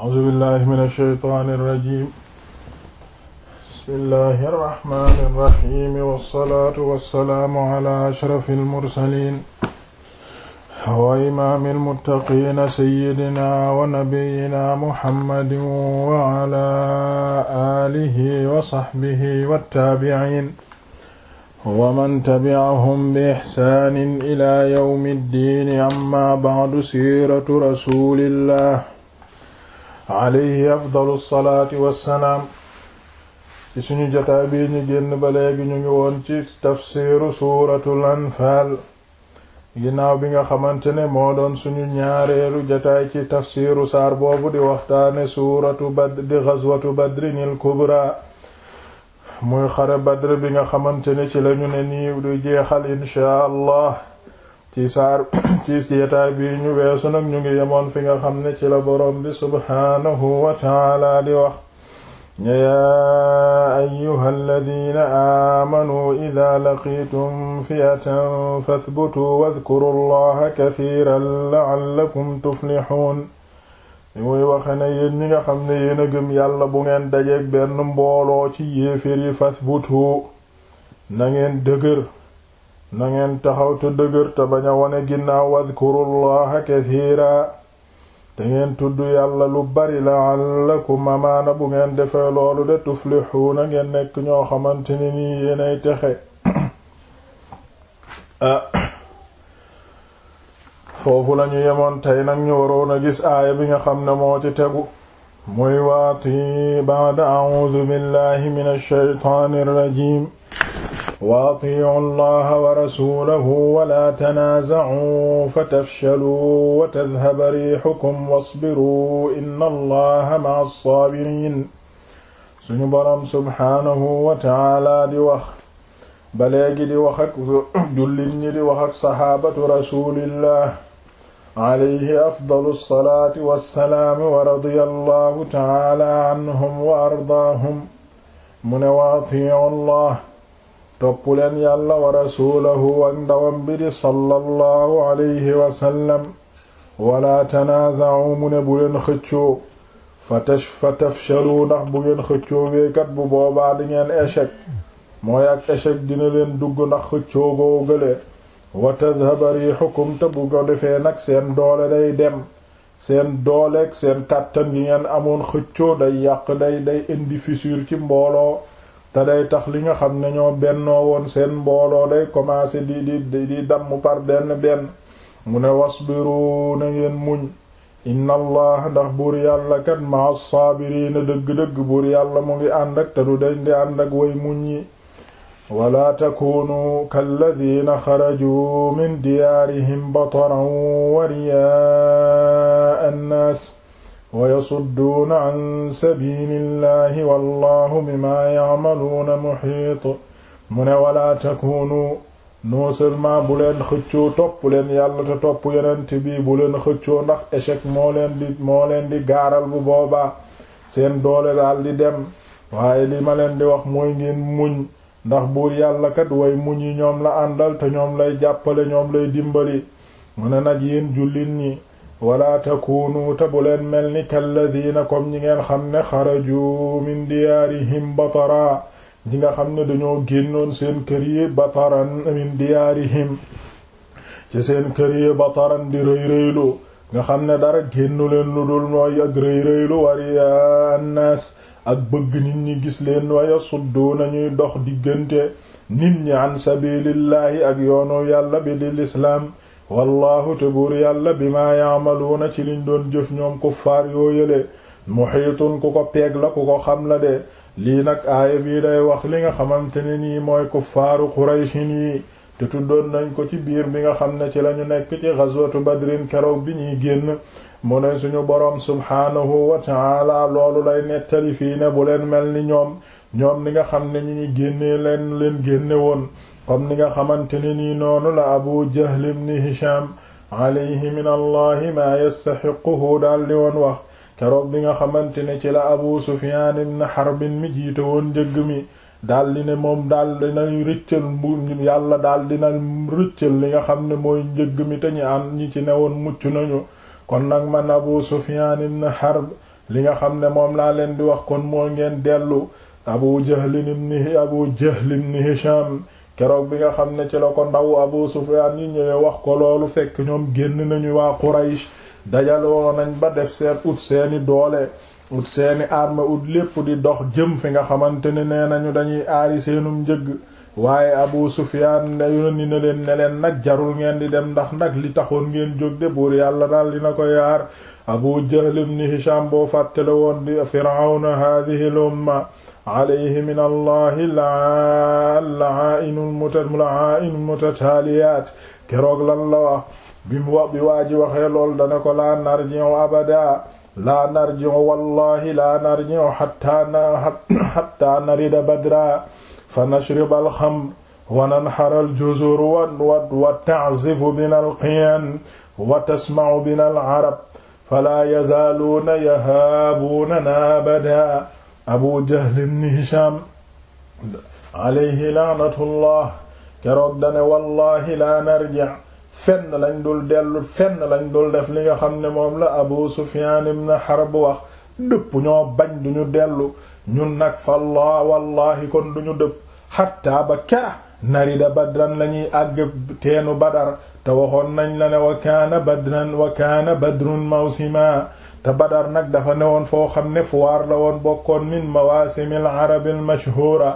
a'uuzu billahi mina shaytaani rajiim bismillahi rahmaani rahiim wassalaatu wassalaamu alaa ashrafil mursaliin wa imaamil muttaqiin sayyidinaa wa nabiyyinaa muhammadin wa alaa aalihi wa sahbihi wattaabi'iin wa man tabi'ahum bi ihsaanin ilaa yawmi ddiin ammaa ba'du siiratu rasuulillah alayhi afdalu salaati wassalaam ci suñu jotaa bii ñu génn ba léegi ñu ngi woon ci tafsiiru suuratul anfaal ginnaaw bi nga xamante ne moo doon suñu ñaareelu jotaay ci tafsiiru saar boobu di waxtaane suuratu badr di ghazwatu muy xare badr bi nga xamante ne ci lañu ne nii du jeexal inshaa allah ci saar ci siyataay bi ñu weesu nag ñu ngi yemoon fi nga xam ne ci la boroom bi subhaanahu wa taala di wax ña yaa ayuha alladina aamanuu ida laqiitum fiyatan fathbutuu wadkuru allaha kathiran la'allakum tuflixuun li muy waxe ne yéen ñi nga xam ne yéen a gëm yàlla bu ngeen dajeek benn mbooloo ci yéefér yi fathbutuu na ngeen dëgër na ngeen taxaw te dëgër te bañ a wone ginnaaw wadkurullaha kathiira te ngeen tudd yàlla lu bari la'allakum amaana bu ngeen defee loolu de tuflixuuna ngeen nekk ñoo xamante ni nii yéenay texe ah, foofu lañu yemoon tey nag ñu gis aaya bi nga xam ne moo ci tegu muy waati ba'da a'uudu billahi minash shaytaanir rajiim wa atiicu llaha wa rasuulahu wa laa tanaaza'uu fatafshaluu wa tadhhaba riixukum wasbiruu inna allaha ma'a ssaabiriin suñu boroom subhaanahu wa ta'aala di wax ba léegi di wax ak jullit ñi di wax ak saxaabatu rasuulillah alayhi afdalu salaati wassalaami wa radiya allahu ta'aala anhum wa ardaahum mu ne wa atiicu llah topp leen yàlla wa rasuulahu ak ndawam bi di sallallahu alayhi wasallam wala tanaaza'u mu ne bu leen xëccoo fa tash fa tafshalu ndax bu ngeen xëccoo weekat bu boobaa di ngeen échec mooy ak échec dina leen dugg ndax xëccoo goo gële wa tadhaba rihukum te bu ko defee nag seen doole day dem seen dooleeg seen kàttan gi ngeen amoon xëccoo day yàq day day indi fissure ci mbooloo te day tax li nga xam ne ñoo bennoo woon seen mbooloo day commencer di di di damm par benn benn mu ne wasbiru na ngeen muñ inna allah ndax buur yàlla kat ma saabiriina dëgg-dëgg buur yàlla mu ngi ànd ak te du dañ di ànd ak way muñ yi wala takuunu kalladina xaraju min diyaarihim bataran wa riyaa annaas wa yasudduuna an sabiilillahi wallahu bimaa ya'maluuna muhiit mu ne walaa takuunu non bu leen xëccoo topp leen yàlla te topp yonent bi bu leen xëccoo ndax échec moo leen di moo leen di gaaral bu boobaa seen doole daal di dem waaye li ma leen di wax mooy ngeen muñ ndax buur yàlla kat way muñ yi ñoom la àndal te ñoom lay jàppale ñoom lay dimbali mu ne nag yéen jullit nii wala takunu te bu leen mel ni kalladina comme ñi ngeen xam ne xaraju min diyaarihim batara ñi nga xam ne dañoo génnoon seen kër yi bataran min diyaarihim ci seen kër ye bataran di rëy rëylu nga xam ne dara génnu leen lu dul mooy ak rëy rëylu wariya annaas ak bëgg nit ñi gis leen waya suddu nañuy dox diggante nit ñi an sabilillahi ak yoonu yàlla bi di wallahu te buur yàlla bi maa yaamaluuna ci liñ doon jëf ñoom kuffaar yooyale muxiitun ku ko peeg la ku ko xam la de lii nag aaya bii day wax li nga xamante ne nii mooy kuffaaru quraychin yi te tuddoon nañ ko ci biir bi nga xam ne ci lañu nekk ci ghazwatu badrin keroog bi ñuy génn mu ne suñu boroom subhaanahu wa ta'ala loolu lay nettali fii ne bu leen mel ni ñoom ñoom li nga xam ne ñu ñu génnee leen leen génne woon comme li nga xamante ne nii noonu la abu jahl ibn hisham alayhi min allahi maa daal di woon wax keroog bi nga xamante ne ci la abu sufyan ibn harbin mi jiite woon njëgg mi daal di ne moom daal dinañ rëccal yàlla daal dina rëccal li nga xam ne mooy njëgg mi te ñi am ñi ci newoon mucc nañu kon nag man abu sufyan ibn harb li nga xam ne moom laa leen di wax kon moo ngeen dellu abu jahl ibn abu hisham keroog bi nga xam ne ci la ko ndaw Abu Sufyaan ñi ñëwee wax ko loolu fekk ñoom génn nañu waa Quraysh dajaloo nañ ba def seen ut seeni doole ut seeni arme ut lépp di dox jëm fi nga xamante ne nee nañu dañuy aari seenum njëgg waaye Abu Sufyaan ni na leen ne leen nag jarul ngeen di dem ndax nag li taxoon ngeen jóg de buur yàlla daal dina ko yaar Abu Jahl ibn Hisham boo fàttale woon di Firawna haadihi l alayhi min allahi la'aa'inul mutataaliyaat keroog lan la wax bi mu wax bi waa ji waxee lool dana ko laa narji'u abada laa narji'u wallahi laa narji'u hattaa narida badra fa nashrib alxamr wa nanxar aljuzur wa ta'zifu bina alqiyan wa tasma'u bina alarab falaa yazaaluuna yahaabunana abada abu jahl ibn hisham alayhi laanatullah keroog dane wallahi laa narji' fenn lañ dul dellu fenn lañ dul def li nga ne moom la abu sufyan ibn harb wax dëpp ñoo bañ duñu dellu ñun nag fa allah wallahi kon duñu dëpp xattaa ba kera narida badran la ñuy teenu badar te waxoon nañ la ne wa kaana badran wa kaana badrun mawsima te badar nag dafa newoon foo xam ne foire la woon bokkoon min mawaasimil arabil mashhura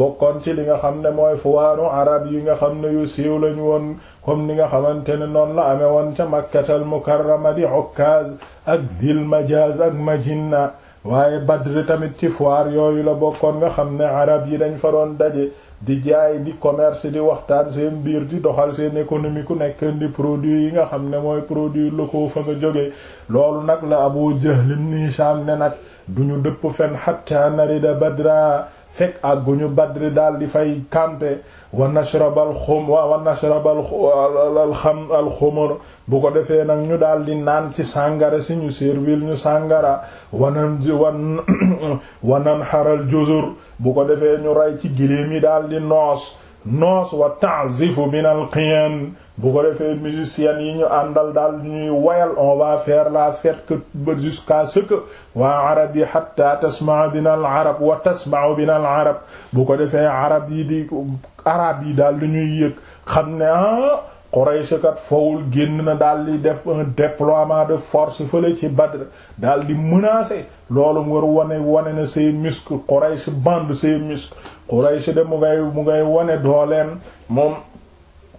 bokkoon ci li nga xam ne mooy foire arab yi nga xam ne yu siiw lañu woon comme ni nga xamante ne noonu la amee woon ca makkatal mukarrama di Ukaaz ak Dil Majaaz ak Majinna waaye Badr tamit ci foire yooyu la bokkoon nga xam ne arab yi dañ fa doon daje di jaay di commerce di waxtaan seen biir di doxal seen économie ku nekk di produit yi nga xam ne mooy produit locaux fa nga jóge loolu nag la Abu Jahl ibn Hisham ne nag duñu dëpp fen hatta narida Badra fekk ñu badri daal di fay kampe wa nashrabal xum wa bu ko defee nag ñu daal di naan ci sàngara si ñu servil ñu sàngara wanan wan wanan xaral juzur bu ko defee ñu ray ci giléem yi daal di noos noos wa ta'zifu min al qiyan bu ko defee musiciens yi ñu àndal daal ñuy wayal on va faire la fête que ba jusqu'à ce que waa arab yi hatta tasmaa bina arab wa tasmaa bina arab bu ko defee arab yi di arab yi daal di ñuy yëg xam ne ah Quraysh kat fowul génn na daal di def un déploiement de force fële ci Badr daal di menacer loolu mu war wane wane na say muscles Quraysh bande say muscles Quraysh de mu ngay mu ngay wane dooleem moom.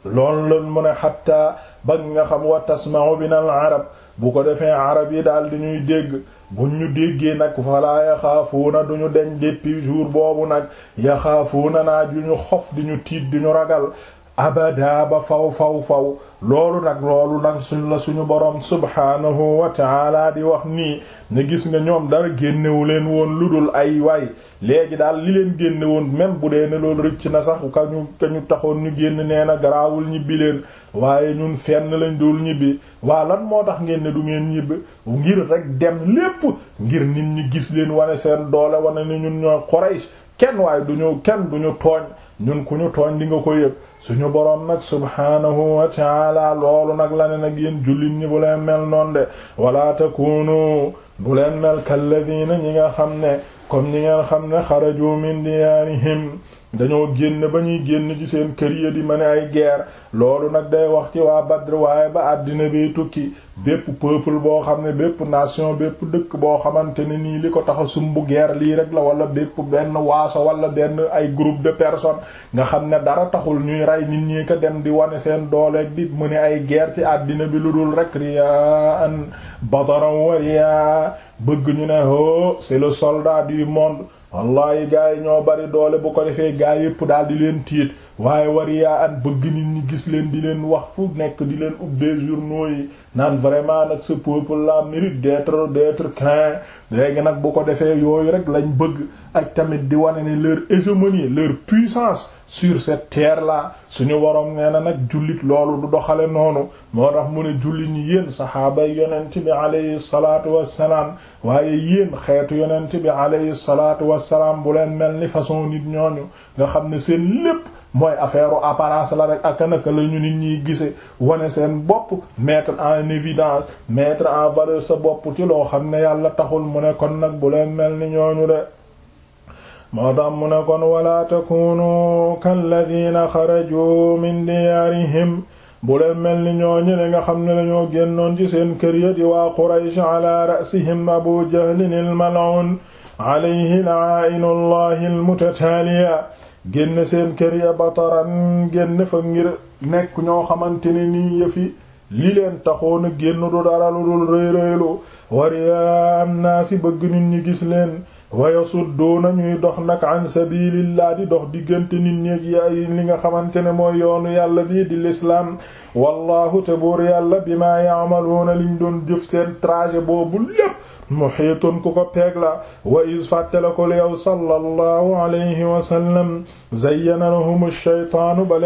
loolu lan mu ne xattaa ba nga xam wa tasma'u binal arab bu ko defee arab yi daal di ñuy dégg bu ñu déggee nag falaa yaxaafuuna du ñu deñ depuis jour boobu nag yaxaafuuna naa ju ñu xof di ñu tiit di ñu ragal abada ba faw faw faw loolu nag loolu nag suñ la suñu boroom subhaanahu wa taala di wax nii ne gis nga ñoom dara génnewu leen woon lu dul ay waay léegi daal li leen génne woon même bu dee ne loolu rëcc na sax ka ñu ka ñu taxoon ñu génn nee na garaawul ñibbi leen waaye ñun fenn lañ dul ñibbi waa lan moo tax ngeen ne du ngeen ñibbi ngir rek dem lépp ngir nit ñu gis leen wane seen doole wane ni ñun ñoo Quraysh kenn waaye du ñu kenn du ñu tooñ ñun ku ñu tooñ di nga ko yëg suñu boroom nag subhaanahu wa taala loolu nag la ne nag yéen jullit ñi bu leen mel noon de wala takunu bu leen mel kalladina ñi nga xam ne comme ñi ngeen xam ne xaraju min diyaarihim dañoo génn ba ñuy génn ci seen kër ya di mën ay guerre loolu nag day wax ci waa Badr waaye ba àddina bi tukki bépp peuple boo xam ne bépp nation bépp dëkk boo xamante ne nii li ko tax a sumbu guerre lii rek la wala bépp benn waaso wala benn ay groupe de personnes nga xam ne dara taxul ñuy rey nit ñi ko dem di wane seen dooleeg di mu ne ay guerre ci àddina bi lu dul rek riyaa an badaran wa riyaa bëgg ñu ne oh c'est le solda du monde wallaahi gaa yi ñoo bari doole bu ko defee gaa yépp daal di leen tiit waaye war yaa an bëgg nit ñi gis leen di leen wax fu nekk di leen ubbee journaux yi naan vraiment nag ce peuple là mérite d'être d'être craint léegi nag bu ko defee yooyu rek lañ bëgg ak tamit di wane ne leur hégémonie leur puissance sur cette terre là suñu waroom nee na nag jullit loolu du doxale noonu moo tax mu ne jullit ñi yéen saxaaba yonent bi alayhi salaatu wassalaam waaye yéen xeetu yonent bi alayhi salaatu salaam bu leen mel ni façon nit ñooñu nga xam ne seen lépp mooy affaire apparence la rek ak naka la ñu nit ñiy gise wane seen bopp mettre en évidence mettre en valeur sa bopp ci loo xam ne yàlla taxul mu ne kon nag bu leen mel ni ñooñu moo tax mu ne kon wala takunu kalladina xaraju min diyaarihim bu leen mel ni ñoo ñi nga xam ne dañoo génnoon ci seen kër ya di waa Quraysh ala ra'sihim abu jahlin al-mal'un alayhi la'ainu llahi génn seen kër ya bataran génn fa ngir nekk ñoo xamante ne nii yëfi li leen taxoon a génn du dara lu dul rëy rëylu am naa si bëgg nit ñi gis leen wa yasudduuna ñuy dox nag an sabilillah di dox diggante nit ñéeg yaay li nga xamante ne mooy yoonu yàlla bii di lislaam wallahu te buur yàlla bi maa yaamaluuna doon jëf seen trajet boobu lépp muhiitun ku ko peeg la wa is fàttala ko yow sallallahu alayhi wasallam zayyana lahum shaytaanu ba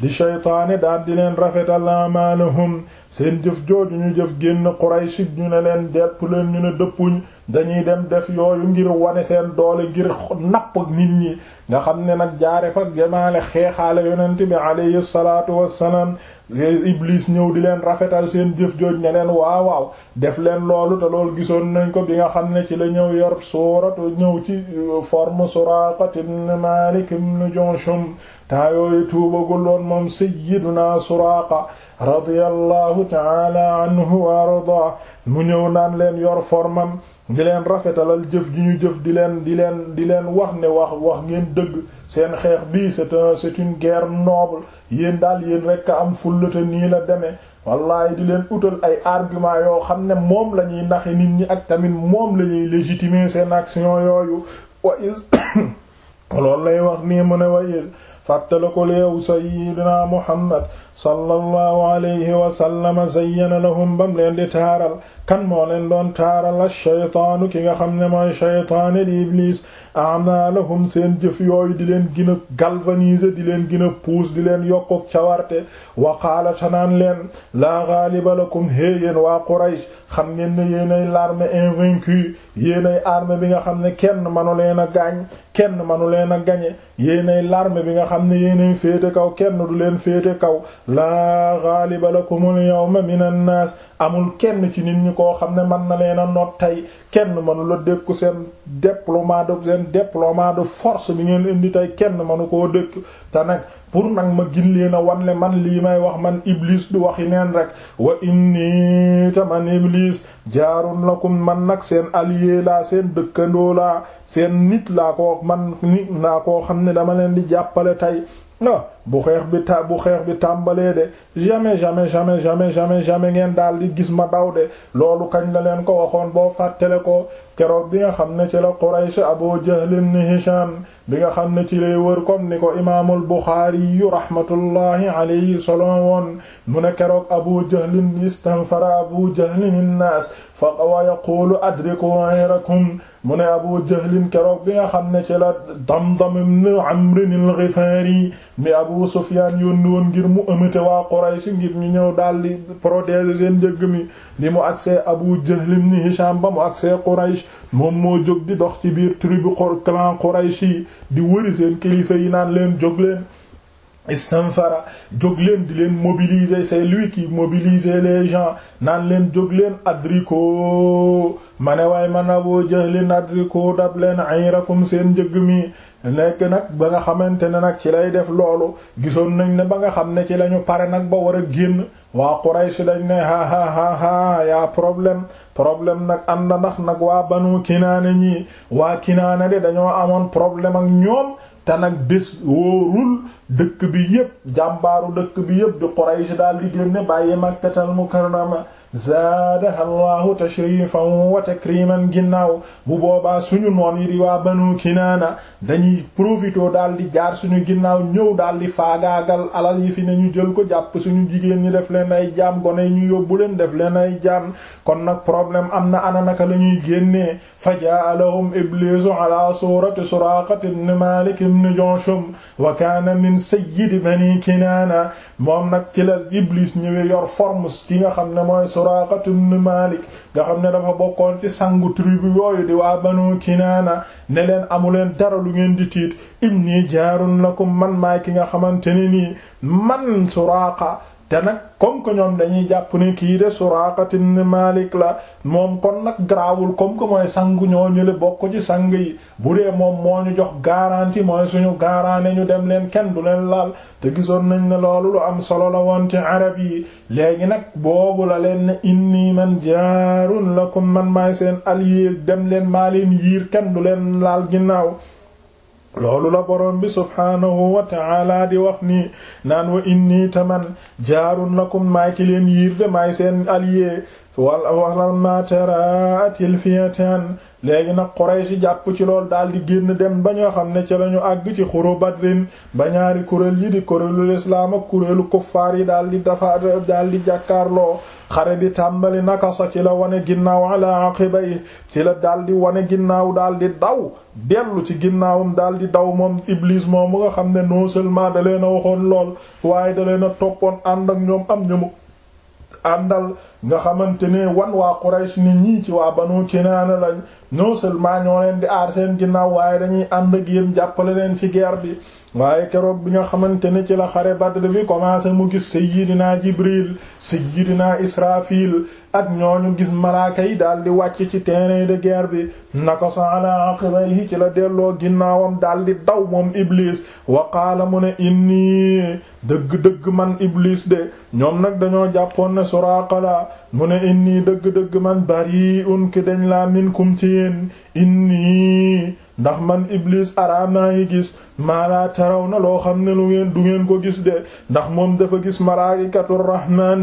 di shaytaane daan di leen rafetal amalahum seen jëf jooju ñu jëf génn Quraysh ñu ne leen depp leen ñu ne dëppuñ dañuy dem def yooyu ngir wane seen doole ngir napp nit ñi nga xam ne nag jaare fa gemaale xeexaale yonent bi alayhi salaatu wassalaam iblis ñëw di leen rafetal seen jëf jooj ne leen waaw waaw def leen loolu te loolu gisoon nañ ko bi nga xam ne ci la ñëw yor suuratu ñëw ci euh, forme Suraaqa ibn Maalik ibn Junshum temps yooyu tuubagul woon moom sayyiduna Suraaqa radiyallahu taala anhu wa arda mu ñëw naan leen yor formam di leen rafetalal jëf ji ñu jëf di leen di leen di leen wax ne wax wax ngeen dëgg seen xeex bii c'est une guerre noble yéen daal yéen rekk a am fullata nii la demee wallaay di leen utal ay argument yoo xam ne moom la ñuy naxe nit ñi ak tamit moom la ñuy légitimer seen action yooyu wa is loolu lay wax nii mu ne wa is fàttala ko leew sayyidina Muhammad sallallahu alayhi wa sallam zayyana lahum bam leen di taaral kan moo leen doon taaral ash-shaytaanu ki nga xam ne mooy shaytaane di iblis a'maalahum seen jëf yooyu di leen gën a di leen gina a puus di leen yokkook cawarte wa qaala tanaan leen laa ghaaliba lakum hee waa Quraysh xam ngeen ne yéenay l'armée invaincue yéenay armée bi nga xam ne kenn manu leen a gaañ kenn manu leen a gañe yéenay larme bi nga xam ne yéenay féete kaw kenn du leen féete kaw laa gaaliba ma yawma minan na amul kenn ci nit ñi koo xam ne man na leen a noot tey kenn mënu la dëkku seen déploiement de seen déploiement de force bi ngeen indi tey kenn mënu koo dëkk te nag pour nag ma gin leen a wan le man lii may wax man iblis du waxi neen rek wa inni ta man iblis la lakum man nag seen allié laa seen dëkkandoo laa seen nit laa ko man nit laa koo xam ne dama leen di jàppale tey non bu xeex bi ta bu xeex bi tàmbalee de jamais jamais jamais jamais jamais jamais ngeen daal di gis ma daw de loolu kañ la leen ko waxoon boo fàttale ko keroog bi nga xam ne ci la Quraysh Abu Jahl ibn Hisham bi nga xam ne ci lay wër comme ni ko imaamul Buxaari yu rahmatullahi alayhi solo woon mu ne keroog Abu Jahl istanfara Abu Jahl min naas fa wa yaqulu adriku ayrakum mu ne abu jahlin keroog bi nga xam ne ci la damdam ibn amrin al-ghifari mi abu sufyan yónni woon ngir mu ëmate waa quraysh ngir ñu ñëw di protéger seen njëgg mi li mu agsee abu jahlin ni hisham ba mu agsee quraysh moom moo jóg di dox ci biir tribu clan quraysh yi di wëri seen kilifa yi naan leen jóg leen istanfara jóg leen di leen mobiliser c'est lui qui mobiliser les gens naan leen jóg leen adriko ma ne waay man Abu Jahlin adriko dab leen ayrakum seen njëg mii nekk nag ba nga xamante ne nag ci lay def loolu gisoon nañ ne ba nga xam ne ci la ñu pare nag ba war a génn waa Quraysh dañ ne ha ha yaa problème problème nag ànd ndax nag waa banu Kinaane ñii waa Kinaane de dañoo amoon problème ak ñoom te nag bés wóorul dëkk bi yépp jàmbaaru dëkk bi yépp di Quraysh daal di génne bàyyi mu Mukarrama zaadaha allahu tashrifan wa takriman ginnaaw bu boobaa suñu noon yi di waa banu kinaana dañuy profitoo daal di jaar suñu ginnaaw ñëw daal di faagaagal alal yi fi ne ñu jël ko jàpp suñu jigéen ñi def leen ay jaam gone ñu yóbbu leen def leen ay jaam kon nag problème am na ana naka la ñuy génnee fa jaa lahum iblisu ala surati suraqati ibn kinaana moom nag ci la iblis ñëwee yor forme ki nga xam ne mooy Suraaqatu ibn Maalik nga xam ne dafa bokkoon ci sangu tribu yooyu di waa Banu Kinaana ne leen amuleen dara lu ngeen di tiit inni jaarun lakum man maay ki nga xamante ne nii man Suraaqa te nag comme que ñoom dañuy jàpp ni kii de Suraaqa ibn Malik la moom kon nag garaawul comme que mooy sangu ñoo ñu bokk ci sang yi bu dee moom moo ñu jox garantie mooy suñu garantie ñu dem leen kenn du leen laal te gisoon nañ ne loolu lu am solo la woon ci arab yi léegi nag boobu la leen ne inni man la ko man maay seen allié dem leen maa leen yiir kenn du leen laal ginnaaw loolu la boroom bi subhaanahu wa ta'ala di wax ni naan wa inni taman jaarun lakum maay ki leen yiir de maay seen allié wal walamma taraatil fiyataan léegi nag Quraysh jàpp ci lool daal di génn dem ba ñoo xam ne ci lañu àgg Badrin ba ñaari kuréel yi di kuréelu lislaam ak kuréelu kuffaar yi daal di dafa daal di jàkkaarloo xare bi tàmbali nakasa ci la wane ginnaaw ala aqibay ci la daal di wane ginnaaw daal di daw dellu ci ginnaawam daal di daw moom Iblis moom mu nga xam ne non seulement da leen a waxoon lool waaye da leen a ànd ak ñoom am ñamu àndal nga xamante ne wan waa Quraysh ni ñii ci waa Banu Kinaana lañ non seulement ñoo leen di aar seen ginnaaw waaye dañuy ànd ak yéen jàppale leen ci guerre bi waaye keroog bi nga xamante ne ci la xare Badr bi commencé mu gis naa Seyyidina Jibril Seyyidina Israafil ak ñooñu gis malaaka yi daal di wàcc ci terrain de guerre bi nako sa ala aqibayhi ci la delloo ginnaawam daal di daw moom iblis wa qaala mu ne inni dëgg-dëgg man iblis de ñoom nag dañoo jàppoon ne Suraaqa la mu ne inni dëgg-dëgg man bari'un ki dañ laa minkum ci yéen inni ndax man iblis araam naa ngi gis maala taraw na loo xam ne lu ngeen du ngeen ko gis de ndax moom dafa gis malaa'ikatu rahmaan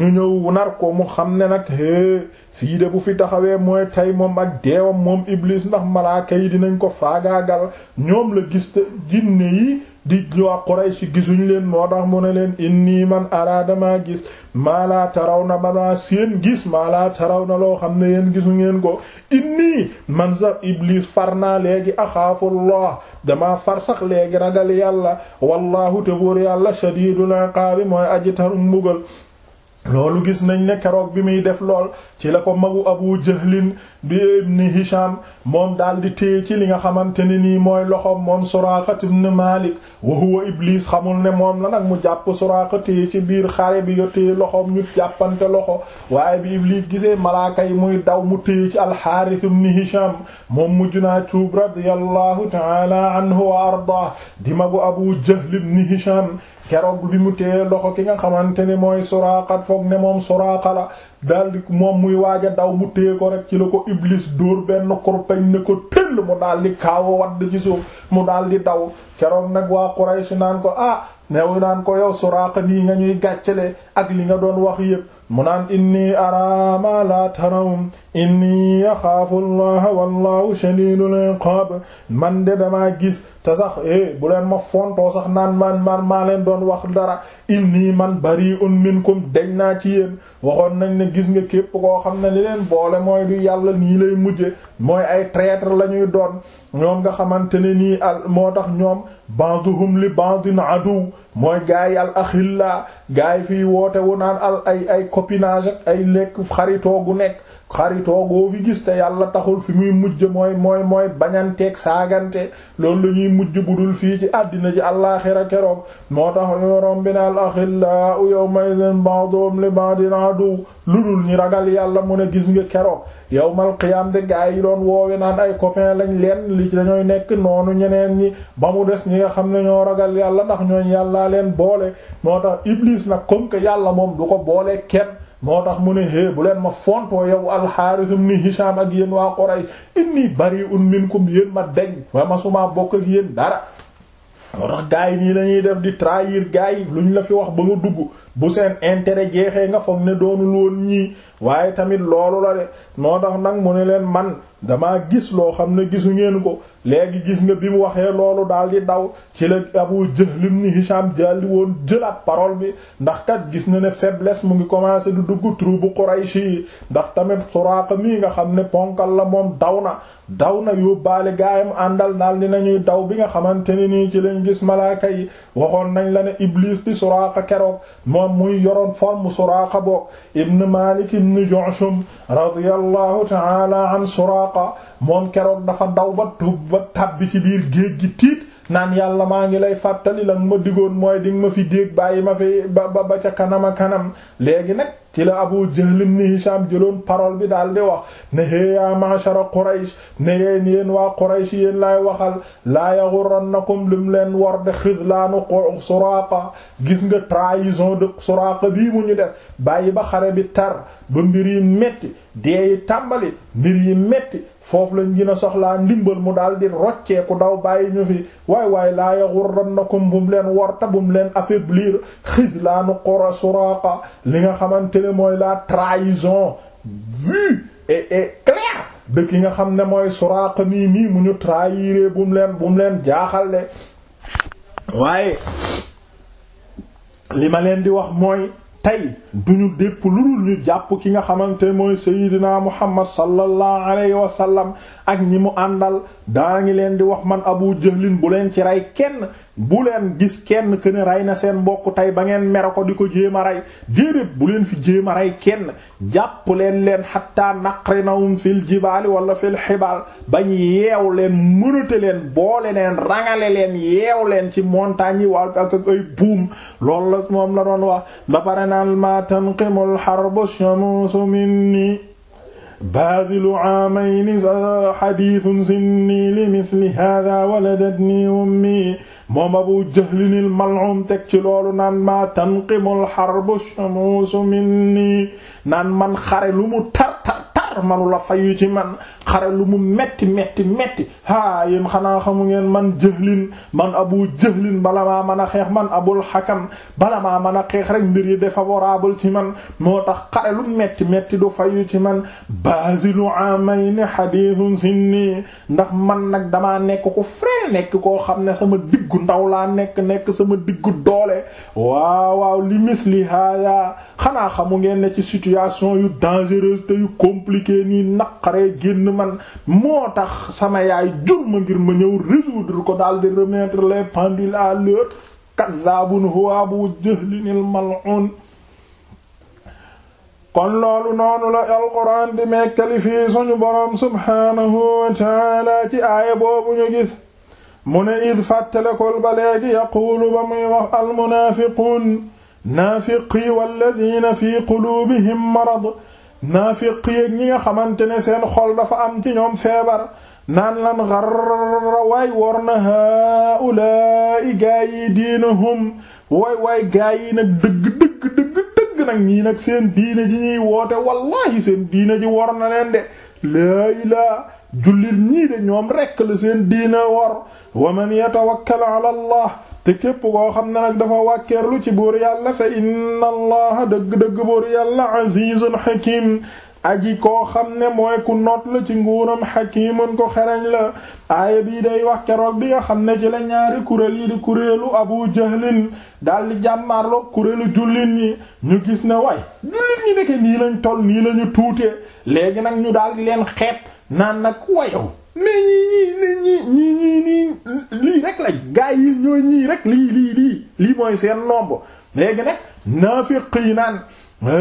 ñu ñëw nar ko mu xam ne nag é fii de bu fi taxawee mooy tey moom ak deewam moom iblis ndax malaaka yi dinañ ko faagaagal ñoom la gis te jinne yi di waa Quraysh gisuñ leen moo tax mu ne leen inni man araadama gis maalaa taraw na badaa seen gis maalaa taraw na loo xam ne yen gisu ngeen ko inni man sax iblis far naa léegi axaafullah dama far sax sax léegi ragal yàlla wallaahu te buur yàlla shadiidul iqaabi mooy aji taru mbugal loolu gis nañ ne keroog bi muy def lool ci la ko magu abu jahlin di ibn hisham moom daal di téye ci li nga xamante ni nii mooy loxoom moom suraaqa ibn malik wa huwa iblis xamul ne moom la nag mu jàpp suraaqa téye ci biir xare bi yo téye loxoom ñu jàppante loxo waaye bi iblis gisee malaaka yi muy daw mu téye ci alxaaris ibn hisham moom mujj naa tuub radiyallahu taala anhu wa ardah di magu abu jahl ibn hisham keroog bi mu téye loxo ki nga xamante ne mooy suraaqa foog ne moom suraaqa la daldi moom muy waaj a daw mu téye ko rek ci la ko iblis dóor benn kurpeñ ne ko tëll mu daldi kaawu wadd ci suuf mu daldi daw keroog nag waa Quraysh naan ko ah neewu naan ko yow suraaqa nii nga ñuy gàccale ak li nga doon wax yépp mu naan inni araama la tarawum inni axaafu llaha wallahu shadidul iqab man de damaa gis te sax eh bu leen ma fontoo sax naan man man maa leen doon wax dara inni man bari'un minkum deñ naa ci yéen waxoon nañ ne gis nga képp koo xam ne li leen boole mooy du yàlla nii lay mujje mooy ay traître la ñuy doon ñoom nga xamante ne nii al moo tax ñoom ba'duhum li ba'din adu mooy gaay yi al axilla gaay yi fii woote wu naan al ay ay copinage ay lekk xaritoo gu nekk xaritoo goo fi gis te yàlla taxul fi muy mujj mooy mooy mooy bañanteeg saagante loolu la ñuy mujj budul fii ci àddina ji àllaaxira keroog moo tax yorom bi na al axillaa yawma idin ba'dhum li ba'din adu lu dul ñi ragal yàlla mu ne gis nga keroog yawmal qiyaam de gaay yi doon woowe naan ay copain lañ leen li ci dañooy nekk noonu ñeneen ñi ba mu des ñi nga xam ne ñoo ragal yàlla ndax ñooñ yàllaa leen boole moo tax iblis nag comme que yàlla moom du ko boole kenn moo tax mu ne hé bu leen ma fontoo yow al-Harith ibn Hisham ak yéen waa Quraysh inni bari'un minkum yéen ma deñ wa ma suma bokk ak yéen dara moo tax gars yi nii lañuy def di trahir gars yi lu ñu la fi wax ba nga dugg bu seen intérêt jeexee nga foog ne doonul woon ñii waaye tamit loolu la de moo tax nag mu ne leen man dama gis loo xam ne gisu ngeen ko léegi gis nga bi mu waxee loolu daal di daw ci la Abu Jahl ibn Hisham jalli woon jëlaat parole bi ndax kat gis na ne faiblesse mu ngi commencé du dugg troubu Quraysh yi ndax tamit Suraaqa mii nga xam ne ponkal la moom daw na daw na yóbbaale gaayam àndal daal dinañuy daw bi nga xamante ne nii ci lañ gis malaaka yi waxoon nañ la ne Iblis di Suraaqa keroog moom muy yoroon forme Suraaqa boog ibn Malik ibn Ju'shum radiyallahu ta'ala an Suraaqa moom keroog dafa daw ba tub ba tabbi ci biir géej gi tiit naan yàlla maa ngi lay fàttali lan ma digoon mooy di ma fi dégg bàyyi ma fi ba ba ba ca kanam a kanam léegi nag ci la Abu Jahl ibn Hisham jëloon parole bi daal di wax ne hee yaa ma'shara Quraysh ne yeen yéen waa Quraysh yéen lay waxal laa yaghurrannakum lim leen war de xidlaanu Suraaqa gis nga trahison de Suraaqa bii mu ñu def bàyyi ba xare bi tar ba mbir yi metti dee yi tàmbali mbir yi metti foofu lañu gën a soxlaa ndimbal mu daal di rocceeku daw bàyyi ñu fi waay waay laa yaghurrannakum bu mu leen warta bu mu leen affaiblir xizlaanu qura suraqa li nga xamante ne mooy la trahison vue et claire dëkk yi nga xam ne mooy suraqa nii nii mu ñu trahiré bu leen bu mu leen jaaxal de waaye li ma leen di wax mooy tey duñu dépp lu ñu jàpp ki nga xamante mooy sayyidina muhammad sallallahu alayhi wa ak ñi mu àndal daa ngi leen di wax man abu jëhlin bu leen ci rey kenn bu leen gis kenn que ne rey na seen mbokk tey ba ngeen meroko di ko jéema a rey déedéet bu leen fi jéema a rey kenn jàpp leen leen na naqrinahum fil jibaali wala fil xibaal bañ yeew leen mënate leen boole leen rangale leen yeew leen ci montagnes yi wal ak ay buum loolu la moom la doon wax ba pare naan ma tanqimul harbu shamusu minni baazilu aamayni xadiisun sinnii li misli haadaa waladatnii ummi moom abu jahlinil mal'uum teg ci loolu naan maa tanqimul xarbu shamuusu minnii naan man xare lu mu dara manu la fayu ci man xare lu mu metti metti metti haa yéen xanaa xamu ngeen man jëhlin man abu jëhlin bala maa mën a xeex man abul hakam bala maa mën a xeex rek mbir yi défavorable ci man moo tax xare lu metti metti du fayu ci man basilu amayni hadithun sinni ndax man nag dama nekk ku frais nekk koo xam ne sama diggu ndaw laa nekk nekk sama diggu doole waaw waaw li misli hada xanaa xamu ngeen ci situation yu dangereuse te yu compliqué nii naqaree génn man moo tax sama yaay jur ma ngir ma ñëw résoudre ko daal di remettre les pendules à l'heure kaddaabun huwa abu jahlinil mal'un kon loolu noonu la alquran di mekkali fii suñu boroom subhaanahu wa ci aaya boobu ñu gis mu ne id fàttalekol ba léegi yaquulu ba muy wax naafiqi walladina fi quluubihim marad naafiqi ak ñi nga xamante ne seen xol dafa am ci ñoom feebar naan lan xarra waay war na haulai gaa yi diinahum waay waay gaa yi nag dëgg dëgg dëgg dëgg nag ñii nag seen diine ji ñuy woote wallahi seen diine ji war na leen de laa ilaa jullit ñii de ñoom rekk la seen diine war wa man yatawakkal ala allah te képp koo xam ne nag dafa wàkkeerlu ci buur yàlla fa inna allaha dëgg-dëgg buur yàlla azizun hakim aji koo xam ne mooy ku noot la ci nguuram xakimun ko xereñ la aaya bii day wax keroog bi nga xam ne ci la ñaari kuréel yi di kuréelu abu jahlin daldi jàmmaarloog kuréelu jullit ñi ñu gis ne way jullit ñi nekk nii lañ toll nii lañu tuute léegi nag ñu daldi leen xeet naan nag wayow mais ñii ñii ñii ñii ñii lii rek lañ gaa yi ñoo ñii rek lii lii lii lii mooy seen nombre léegi nag naafiq yi naan waay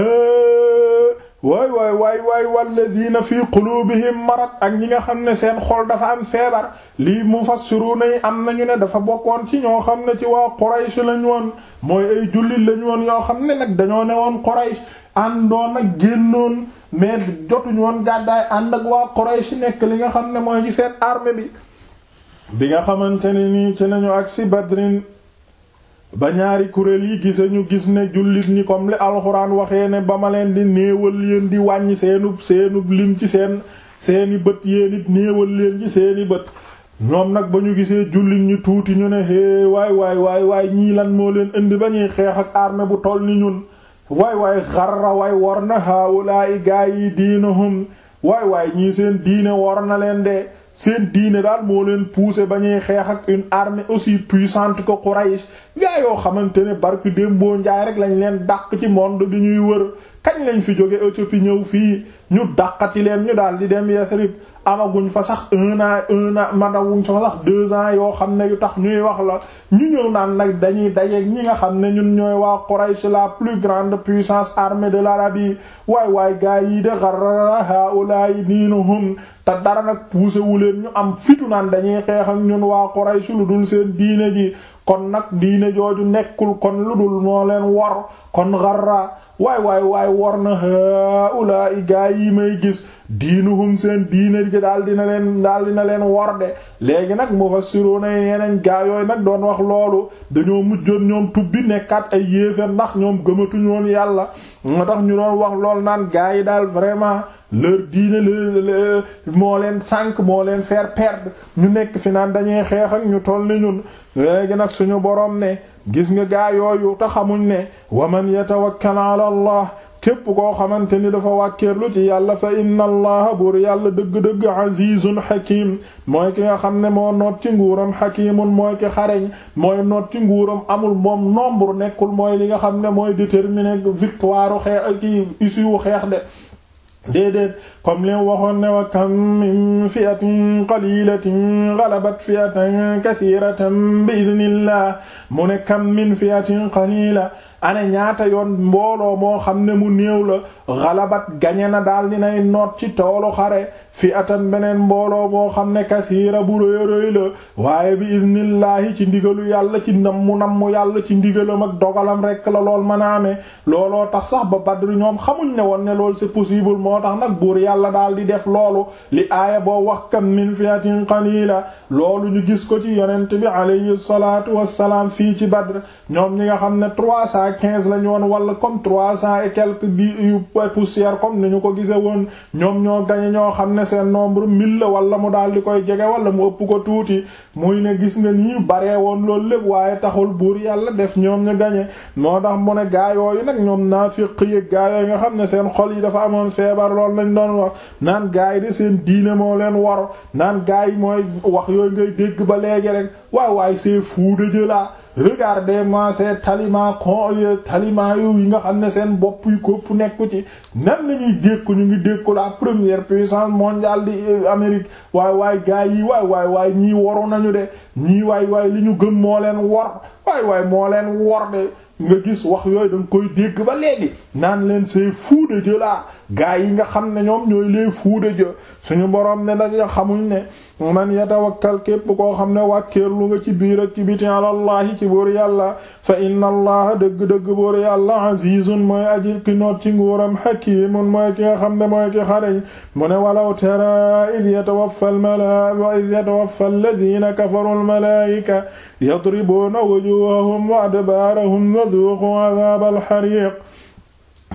waay waay waay walladina fi qulubihim marad ak ñi nga xam ne seen xol dafa am feebar lii mufassiruna yi am nañu ne dafa bokkoon ci ñoo xam ne ci waa Quraysh lañ woon mooy ay jullit lañ woon yoo xam ne nag dañoo ne woon Quraysh àndoon ak génnoon mais jotuñu woon gàddaay ànd ak waa Quraysh nekk li nga xam ne mooy ci seen armée bi bi nga xamante ne nii ci nañu ak si Badrin ba ñaari kuréel yi gise ñu gis ne jullit ñi comme li alxuraan waxee ne ba ma leen di néewal leen di wàññi seenub seenub lim ci seen seeni bët yéen it néewal leen ci seeni bët ñoom nag ba ñu gisee jullit ñu tuuti ñu ne hee waay waay waay ñii lan moo leen indi ba ñuy xeex ak armée bu toll ni ñun waay waay xarra waay war na haawulaay gaa yi diinuhum waay waay ñii seen diine war na leen de seen diine daal moo leen pousser ba ñuy xeex ak une armée aussi puissante que Quraysh gaa yoo xamante ne barki démboo njaay rek lañ leen dàq ci monde bi ñuy wër kañ lañ fi jóge Éthiopie ñëw fii ñu dàqati leen ñu daal di dem Yasrib amaguñ fa sax un an un an madawuñ fa sax deux ans yoo xam ne yu tax ñuy wax la ñu ñëw naan nag dañuy dajeeg ñi nga xam ne ñun ñooy waa Quraysh la plus grande puissance armée de l'Arabie waay waay gaa yii de gharrara haa'ulaa'i diinuhum te dara nag poussé wu leen ñu am fitu naan dañuy xeex ak ñun waa Quraysh lu dul seen diine ji kon nag diine jooju nekkul kon lu dul moo leen wor kon gharra waay waay waay war na haula i gaa yi may gis diinuhum seen diine ji daal dina leen daal dina leen wor de léegi nag mufassiruna yeneen gaa yooyu nag doon wax loolu dañoo mujjoon ñoom tubbi nekkaat ay yéeféer ndax ñoom gëmatuñu woon yàlla moo tax ñu doon wax lool naan gaa yi daal vraiment leur diine le moo leen sànk moo leen faire perdre ñu nekk fi naan dañuy xeex ak ñu toll ni ñun léegi nag suñu borom ne gis nga gaa yooyu te xamuñ ne wa man yatawakkal ala allah képp koo xamante ni dafa wàkkeerlu ci yàlla fa inna allaha buur yàlla dëgg-dëgg azizun hakim mooy ki nga xam ne moo noot ci nguuram hakimun mooy ki xareñ mooy noot ci nguuram amul moom nombre nekkul mooy li nga xam ne mooy déterminer victoire xeex ki issue xeex de déedéet comme li waxoon ne wa kam min fi'atin qalilatin ghalabat fi'atan kathiratan bi idnillah mu ne kam min fi'atin qalila ane ñaata yoon mbooloo moo xam ne mu néew la xalabat gañe na daal di dinay noot ci toolu xare fi atan beneen mbooloo moo xam ne kasiira bu rëy rëy la waaye bi iznillaahi ci ndigalu yàlla ci nammu nammu yàlla ci ndigalam ak dogalam rekk la lool ma a looloo tax sax ba Badr ñoom xamuñ ne woon ne loolu c'est possible moo tax nag buur yàlla daal di def loolu li aaya boo wax kam min fiatin qaliila loolu ñu gis ko ci yonent bi alayhi salaatu wassalaam fii ci Badr ñoom ñi nga xam ne trois et quinze la ñu woon wala comme trois cent et quelques bi yu poussière comme ni ñu ko gise woon ñoom ñoo gañe ñoo xam ne seen nombre mille la wala mu daal di koy jege wala mu ëpp ko tuuti muy ne gis nga ni baree woon loolu lépp waaye taxul buur yàlla def ñoom ñu gañe moo tax mu ne gaa yooyu nag ñoom naafiq yi gaa yi nga xam ne seen xol yi dafa amoon feebar loolu lañ doon wax naan gaa yi de seen diine moo leen war naan gaa yi mooy wax yooyu ngay dégg ba léegi regardez-moi ces talima conlie talima yu yi nga xam ne seen bopp yu kopp nekku ci nan la ñuy dékku ñu ngi dékku la première puissance mondiale di euh, Amérique waay waay gars yi waay waay waay ñii waru nañu de ñii waay waay li ñu gëm moo leen wor waay waay moo leen wor de nga gis wax yooyu da nga koy dégg ba léegi naan leen c'est fou de Dieu gaa yi nga xam ne ñoom ñooy les fuuda jë suñu borom ne dañu xamuñ ne man yatawakkal képp koo xam ne wàkkeerlu nga ci biir ak ci biti àlallaahi ci buur yàlla fa inna allaha dëgg-dëgg buur yàlla azizun mooy aji ki noot ci nguuram hakimun mooy ki nga xam ne mooy ki xarañ mu ne walaw tara id yatawaffa almala id yatawaffa alladina kafaru almalaika yadribuuna wujuhahum wa adbaarahum wa dhuqu adhaab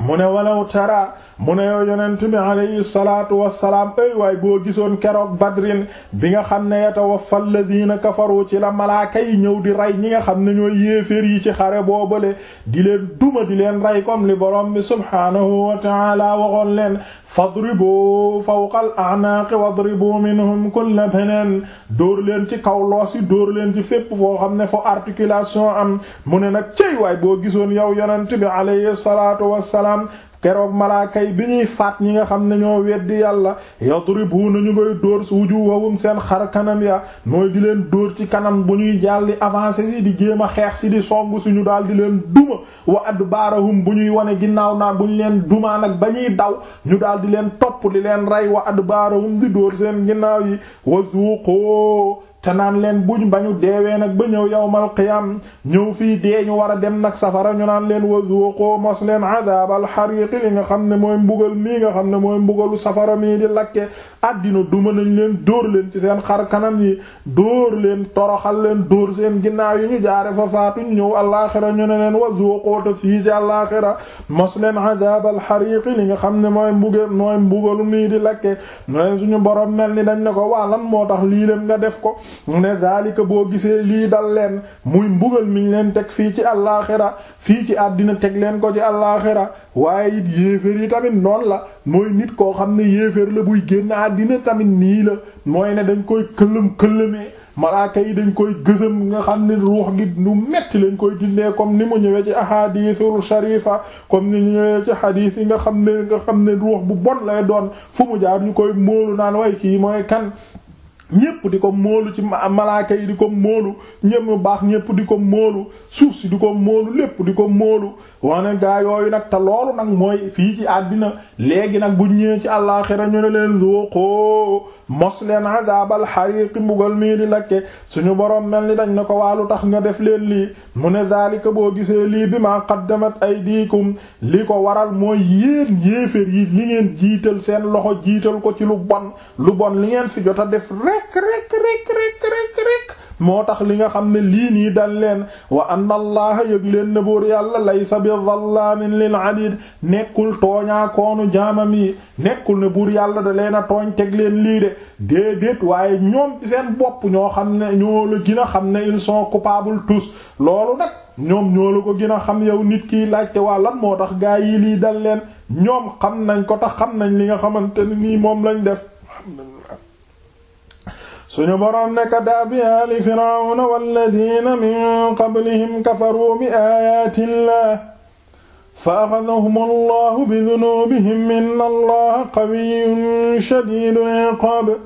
mu ne walaw tara mu ne yow yonent bi alayhi salaatu wassalaam ay waay boo gisoon keroog badrin bi nga xam ne yatawaffa alladina kafaru ci la malaaka yi ñëw di rey ñi nga xam ne ñooy yéeféer yi ci xare boobale di leen duma di leen rey comme li borom bi subhaanahu wa ta'ala waxoon leen fadribu fawqa al a'naaqi wadribu minhum kulla banan dóor leen ci kaw loos yi dóor leen ci fépp foo xam ne fo articulation am mu ne nag cey waay boo gisoon yow yonent bi alayhi salaatu wassalaam keroog malaaka yi bi ñuy faat ñi nga xam ne ñoo weddi yàlla yadribuuna ñu koy dóor wujuuhahum seen xar kanam ya mooy di leen dóor ci kanam bu ñuy jàlli avancé si di jéem a xeex si di song suñu daal di leen duma wa adbaarahum bu ñuy wane ginnaaw naa bu ñu leen dumaa ak ba ñuy daw ñu daal di leen topp di leen rey wa adbaarahum di dóor seen ginnaaw yi wa zuuqoo te naan leen buñ ba ñu deewee nag ba ñëw yawmal qiyaam ñëw fii dee ñu war a dem nag safara ñu naan leen wazuuqoo mos leen adaabal xariiq li nga xam ne mooy mbugal mii nga xam ne mooy mbugalu safara mii di lakke àddina duma nañ leen dóor leen ci seen xar kanam yi dóor leen toroxal leen dóor seen ginnaaw yi ñu jaare fa ñëw alaaxira ñu ne leen wazuuqoo te fii ci alaaxira mos leen adaabal xariiq li nga xam ne mooy mbugal mooy mbugalu mii di lakke ñu suñu borom mel ni dañ ne ko waa lan moo tax lii leen nga def ko mu ne zalika boo gisee lii dal leen muy mbugal miñ leen teg fii ci àllaaxira fii ci àddina teg leen ko ci àllaaxira waaye it yéeféer yi tamit noonu la mooy nit koo xam ne yéeféer la buy génn àddina tamit nii la mooy ne dañ koy këlëm këlëmee malaaka yi dañ koy gësëm nga xam ne ruux gi nu metti lañ koy dindee comme ni mu ñëwee ci ahadisul sharifa comme ni ñëwee ci hadis yi nga xam ne nga xam ne ruux bu bon lay doon fu mu jaar ñu koy móolu naan way kii mooy ñépp di ko móolu ci malaaka yi di ko móolu ñépp mu baax ñépp di ko móolu suuf si di ko móolu lépp di ko móolu wane gaa yooyu nag te loolu nag mooy fii ci àddina léegi nag bu ñëwee ci àllaaxira ñu ne leen zuuqoo mos leen adabal xariiq mbugal mii di lakke suñu boroom mel ni dañ ne ko waalu tax nga def leen lii mu ne zaalika boo gisee lii bi maa ay aydiikum li ko waral mooy yéen yéefér yi li ngeen jiital seen loxo jiital ko ci lu bon lu bon li ngeen fi jot a def rek rek rek rek rek moo tax li nga xam ne lii nii dal leen wa anna allaha yëg leen ne buur yàlla laysa bi dhallaamin lil abid nekkul tooñaa koonu jaamam yi nekkul ne buur yàlla da leen a tooñ teg leen lii de déedéet waaye ñoom ci seen bopp ñoo xam ne ñoo la gën xam ne ils sont coupables tous loolu nag ñoom ñoo la ko gën a xam yow nit kii laajte waa lan moo tax gaa yii lii dal leen ñoom xam nañ ko tax xam nañ li nga xamante nii moom lañ def suñu boroom ne kadaabiha li firawna walladina min qablihim kafaru bi ayati illah fa axadahum allahu bi dunubihim inna allaha qawiyyun shadidu iqaab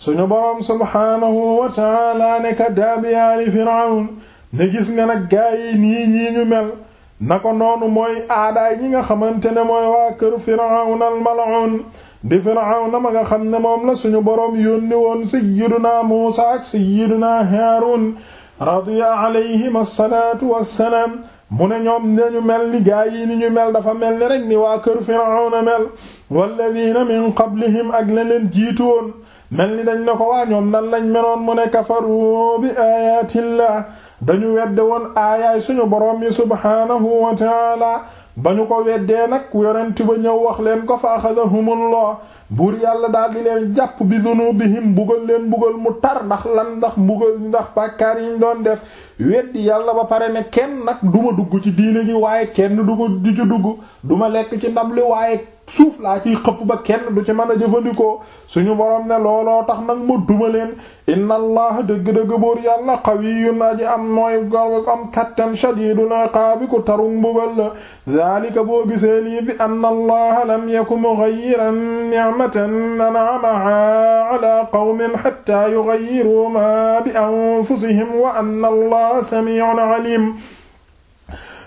suñu boroom subhaanahu wa taala ne kadaabiha li firawna ne gis nga nag gaa yi nii ñii ñu mel na ko noonu mooy aadaay ñi nga xamante ne mooy waa kër firawna al mal'un di Firawna ma moom la suñu boroom yónni woon sayyiduna Muusaa ak sayyiduna Haaruun radiya alayhim assalaatu wassalaam mu ñoom dañu mel ni gaa yi ni ñu mel dafa mel ni rek ni waa kër Firawna mel walladiina min qablihim ak la leen jiitu mel ni dañ ne ko waa ñoom nan lañ meloon mu ne kafaru bi aayaatillah dañu wedde woon aayaay suñu boroom yi subhaanahu wa ba ñu ko weddee nag yonent ba ñëw wax leen ko fa axadahumullah buur yàlla daal di leen jàpp bi zunubihim mbugal leen mbugal mu tar ndax lan ndax mbugal ndax pàkkaar yi ñu doon def weddi yàlla ba pare ne kenn nag duma dugg ci diine gi waaye kenn du ko du ci dugg duma lekk ci ndab li waaye suuf laa ciy xëpp ba kenn du ci mën a jëfandikoo suñu borom ne looloo tax nag ma duma leen inna allah dëgg-dëgg buur yàlla qawiyyun aji am mooy gaw am kattan shadiidul iqaabi ku tarum mbugal la zaalika boo gisee lii bi anna allaha lam yaku mughayyiran ni'matan an'amahaa alaa qawmin hattaa yughayyiruu maa bi anfusihim wa anna allaha samii'un aliim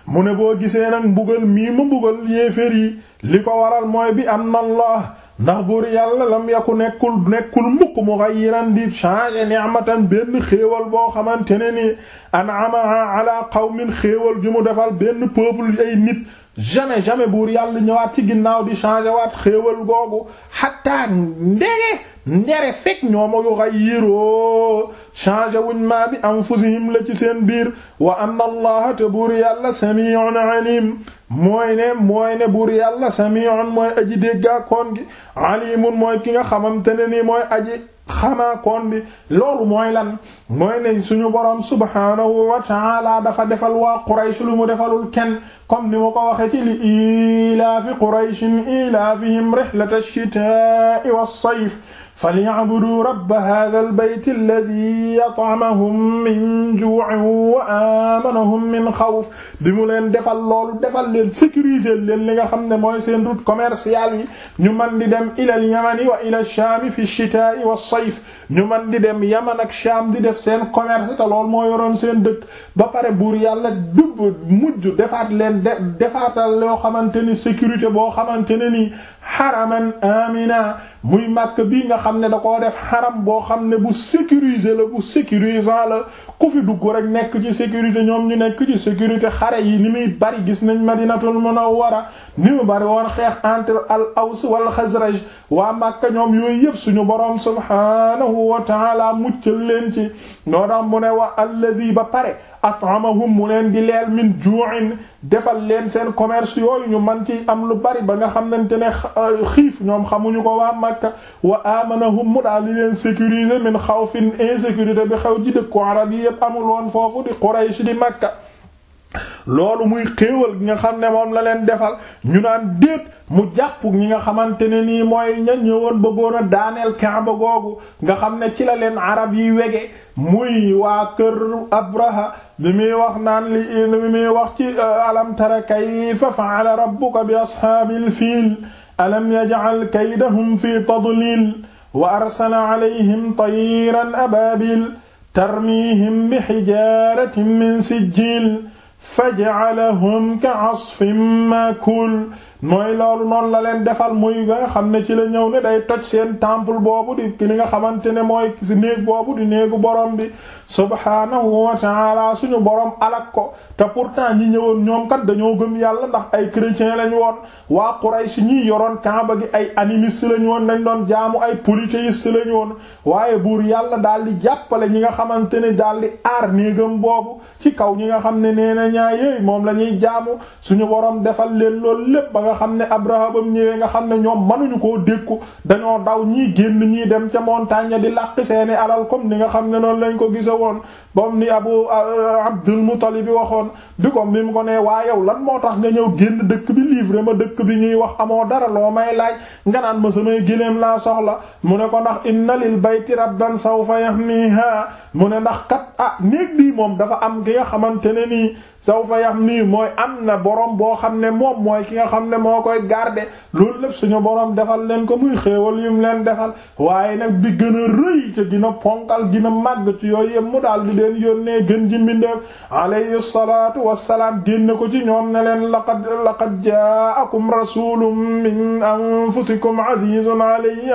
mu ne boo gisee nag mbugal mii mu mbugal yéefér yi li ko waral mooy bi am na Allah ndax buur yàlla lam yaku nekkul nekkul mukk mughayyiran di changer ni'matan benn xéewal boo xamante ne ni an'amaha ala qawmin xéewal ju mu defal benn peuple ay nit jamais jamais buur yàlla ñëwaat ci ginnaaw di changer waat xéewal googu xatta ndege ndere fekk ñooma yughayyiru changé wuñ maa bi anfusihim la ci seen biir wa anna allaha te buur yàlla sami'un alim mooy ne mooy ne buur yàlla sami'un mooy aji déggaakoon gi alimun mooy ki nga xamante ne nii mooy aji xamaakoon bi loolu mooy lan mooy ne suñu boroom subhaanahu wa ta'ala dafa defal waa Quraysh lu mu defalul kenn comme ni ma ko waxee ci li ilaafi Qurayshin ilaafihim rihlata ash-shitaa'i was-sayf falya'budu rabba haadhal bayti alladhi at'amahum min juu'in wa aamanahum min xawf di mu leen defal lool defal leen sécuriser leen li nga xam ne mooy seen route commerciale yi ñu man di dem ila al-yamani wa ila ash-shaami fi ash-shitaa'i wa as-sayf ñu man di dem yaman ak shaam di def seen commerce te loolu moo yoroon seen dëkk ba pare buur yàlla dubb mujj defaat leen defaatal loo xamante ni sécurité boo xamante ne nii xaraman amina muy màkk bi nga xam ne da koo def xaram boo xam ne bu sécurisé la bu sécurisant la ku fi dugg rek nekk ci sécurité ñoom ñu nekk ci sécurité xare yi ni muy bari gis nañ madinatul munawwara ni mu bari woon xeex entre al aws wal xasraj waa màkka ñoom yooyu yëpp suñu boroom subhanahu wa taala muccal leen ci noo dax mu ne wa alladi ba pare at'amahum mu leen di leel min ju'in defal leen seen commerce yooyu ñu man ci am lu bari ba nga xamante ne euh, xiif ñoom xamuñu ko waa Makka wa amanahum mu daal di leen sécuriser min xawfin insécurité bi xew ci dëkku arab yi yëpp amul woon foofu di Quraysh di Makka loolu muy xéewal gi nga xam ne moom la leen defal ñu naan déet mu jàpp ñi nga xamante ne nii mooy ña ñëwoon bëggoon a daaneel Kaaba googu nga xam ne ci la leen arab yi wege muy waa kër Abraha bi muy wax naan li bi muy wax ci euh, alam tara kayfa fa'ala rabbuka bi ashaabil fiil alam yaj'al kaydahum fi tadlil wa arsala alayhim tayran ababil tarmiihim bi hijaaratin min sijjiil faj'alahum ka'asfin ma'kuul mooy loolu noonu la leen defal muy nga xam ne ci la ñëw ne day toj seen temple boobu di li nga xamante ne mooy si néeg boobu di néegu borom bi subhaanahu wa ta'ala suñu borom alak ko te pourtant ñi ñëwoon ñoom kat dañoo gëm yàlla ndax ay chrétien lañ woon waa Quraysh ñi yoroon Kaaba gi ay animiste lañ woon dañ doon jaamu ay polythéiste lañ woon waaye buur yàlla daal di jàppale ñi nga xamante ne daal di aar néegam boobu ci kaw ñi nga xam ne nee na ñaayéey moom la ñuy jaamu suñu borom defal leen lool lépp ba nga xam ne Abraha bam ñëwee nga xam ne ñoom mënuñu koo dékku dañoo daw ñii génn ñii dem ca montagne di làq seeni alal comme ni nga xam ne noonu lañ ko gisoon woon bom ni abu abdul muttalib waxoon bi ko mi mu ko ne waa yow lan moo tax nga ñëw génn dëkk bi livré ma dëkk bi ñuy wax amoo dara loo may laaj nga naan ma samay giléem laa soxla mu ne ko ndax inna lil bayti rabban sawfa yahmiha mu ne ndax kat ah néeg bii moom dafa am ki nga xamante ne nii sawfa yahmi mooy am na borom boo xam ne moom mooy ki nga xam ne moo koy garder loolu lépp suñu borom defal leen ko muy xéewal yum leen defal waaye nag bi gën a màgg ci yooyu leen yónnee gën ji mbindeef alayhi salaatu wassalaam génne ko ci ñoom ne leen laqad laqad jaakum rasulun min anfusikum azizun alayhi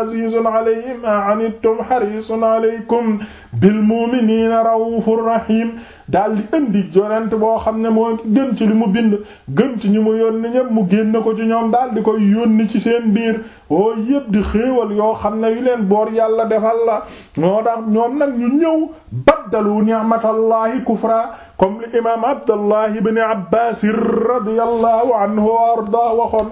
azizun alayhi ma anittum harisun alaykum bil mu'minina raufur rahim daal di indi yonent boo xam ne moo gën ci li mu bind gën ci ñi mu yónni ñépp mu génn ko ci ñoom daal di koy yónni ci seen biir oo yépp di xéewal yoo xam ne yu leen boor yàlla defal la moo tax ñoom nag ñu ñëw baddalu ni'matallahi kufra comme li imaam abdallahi ibn abbaasir radiyallahu anhu wa ardaa waxoon